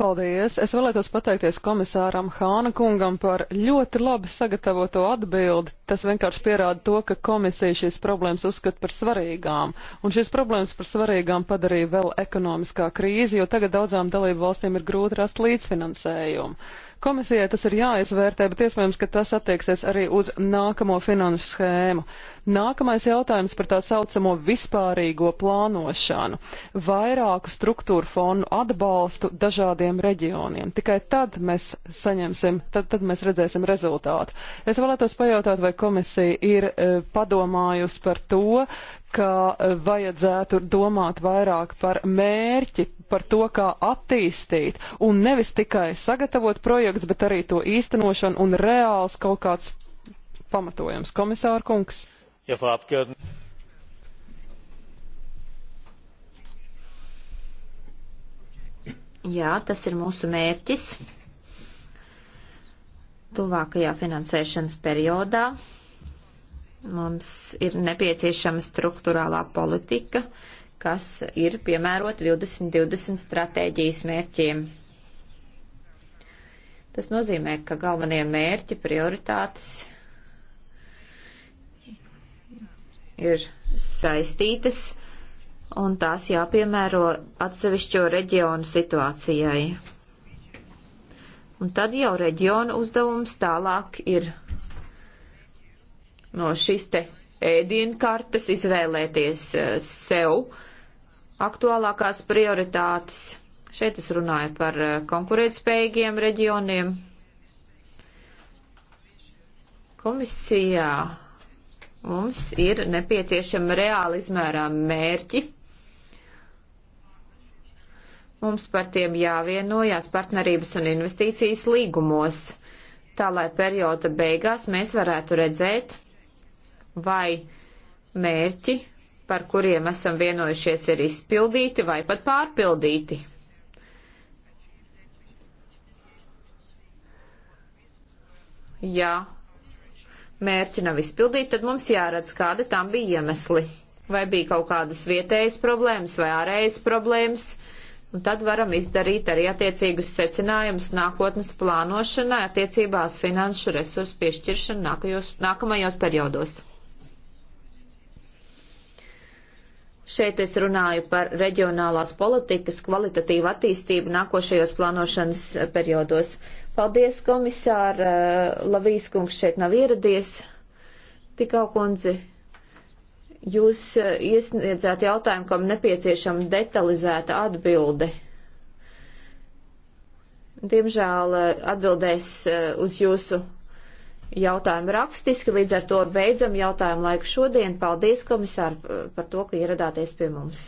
S1: Paldies! Es vēlētos pateikties komisāram Hāna kungam par ļoti labi sagatavoto atbildi. Tas vienkārši pierāda to, ka komisija šīs problēmas uzskata par svarīgām. Un šīs problēmas par svarīgām padarīja vēl ekonomiskā krīze, jo tagad daudzām dalību valstīm ir grūti rast līdzfinansējumu. Komisijai tas ir jāizvērtē, bet iespējams, ka tas attieksies arī uz nākamo finanšu schēmu. Nākamais jautājums par tā saucamo vispārīgo plānošanu. Vairāku struktūru fondu atbalstu dažādiem reģioniem. Tikai tad mēs saņemsim, tad, tad mēs redzēsim rezultātu. Es vēlētos pajautāt, vai komisija ir e, padomājusi par to, ka e, vajadzētu domāt vairāk par mērķi, par to, kā attīstīt, un nevis tikai sagatavot projekts, bet arī to īstenošanu un reāls kaut kāds pamatojums. Komisāra kungs.
S3: Ja, Jā, tas ir mūsu mērķis. Tuvākajā finansēšanas periodā mums ir nepieciešama struktūrālā politika, uh, kas ir piemērota 2020 stratēģijas mērķiem. Tas nozīmē, ka galvenie mērķi, prioritātes ir saistītas un tās jāpiemēro atsevišķo reģionu situācijai. Un tad jau reģionu uzdevums tālāk ir no šīs te ēdienkartes izvēlēties eh, sev aktuālākās prioritātes. Šeit es runāju par eh, konkurētspējīgiem reģioniem. Komisijā mums ir nepieciešama reāli izmērām mērķi. Mums par tiem jāvienojās partnerības un investīcijas līgumos, tā lai perioda beigās mēs varētu redzēt, vai mērķi par kuriem esam vienojušies, ir izpildīti vai pat pārpildīti. Ja mērķi nav izpildīti, tad mums jāredz, kāda tam bija iemesli. Vai bija kaut kādas vietējas problēmas vai ārējas problēmas, un tad varam izdarīt arī attiecīgus secinājumus nākotnes plānošanai attiecībās finanšu resursu piešķiršanu nākajos, nākamajos periodos. Šeit es runāju par reģionālās politikas kvalitatīvu attīstību nākošajos plānošanas periodos. Paldies, komisāra eh, Lavijas kungs šeit nav ieradies. Tikau kundzi, jūs eh, iesniedzāt jautājumu, kam nepieciešama detalizēta atbilde. Diemžēl eh, atbildēs uz jūsu jautājumu rakstiski, līdz ar to beidzam jautājumu laiku šodien. Paldies, komisār, par to, ka ieradāties pie mums.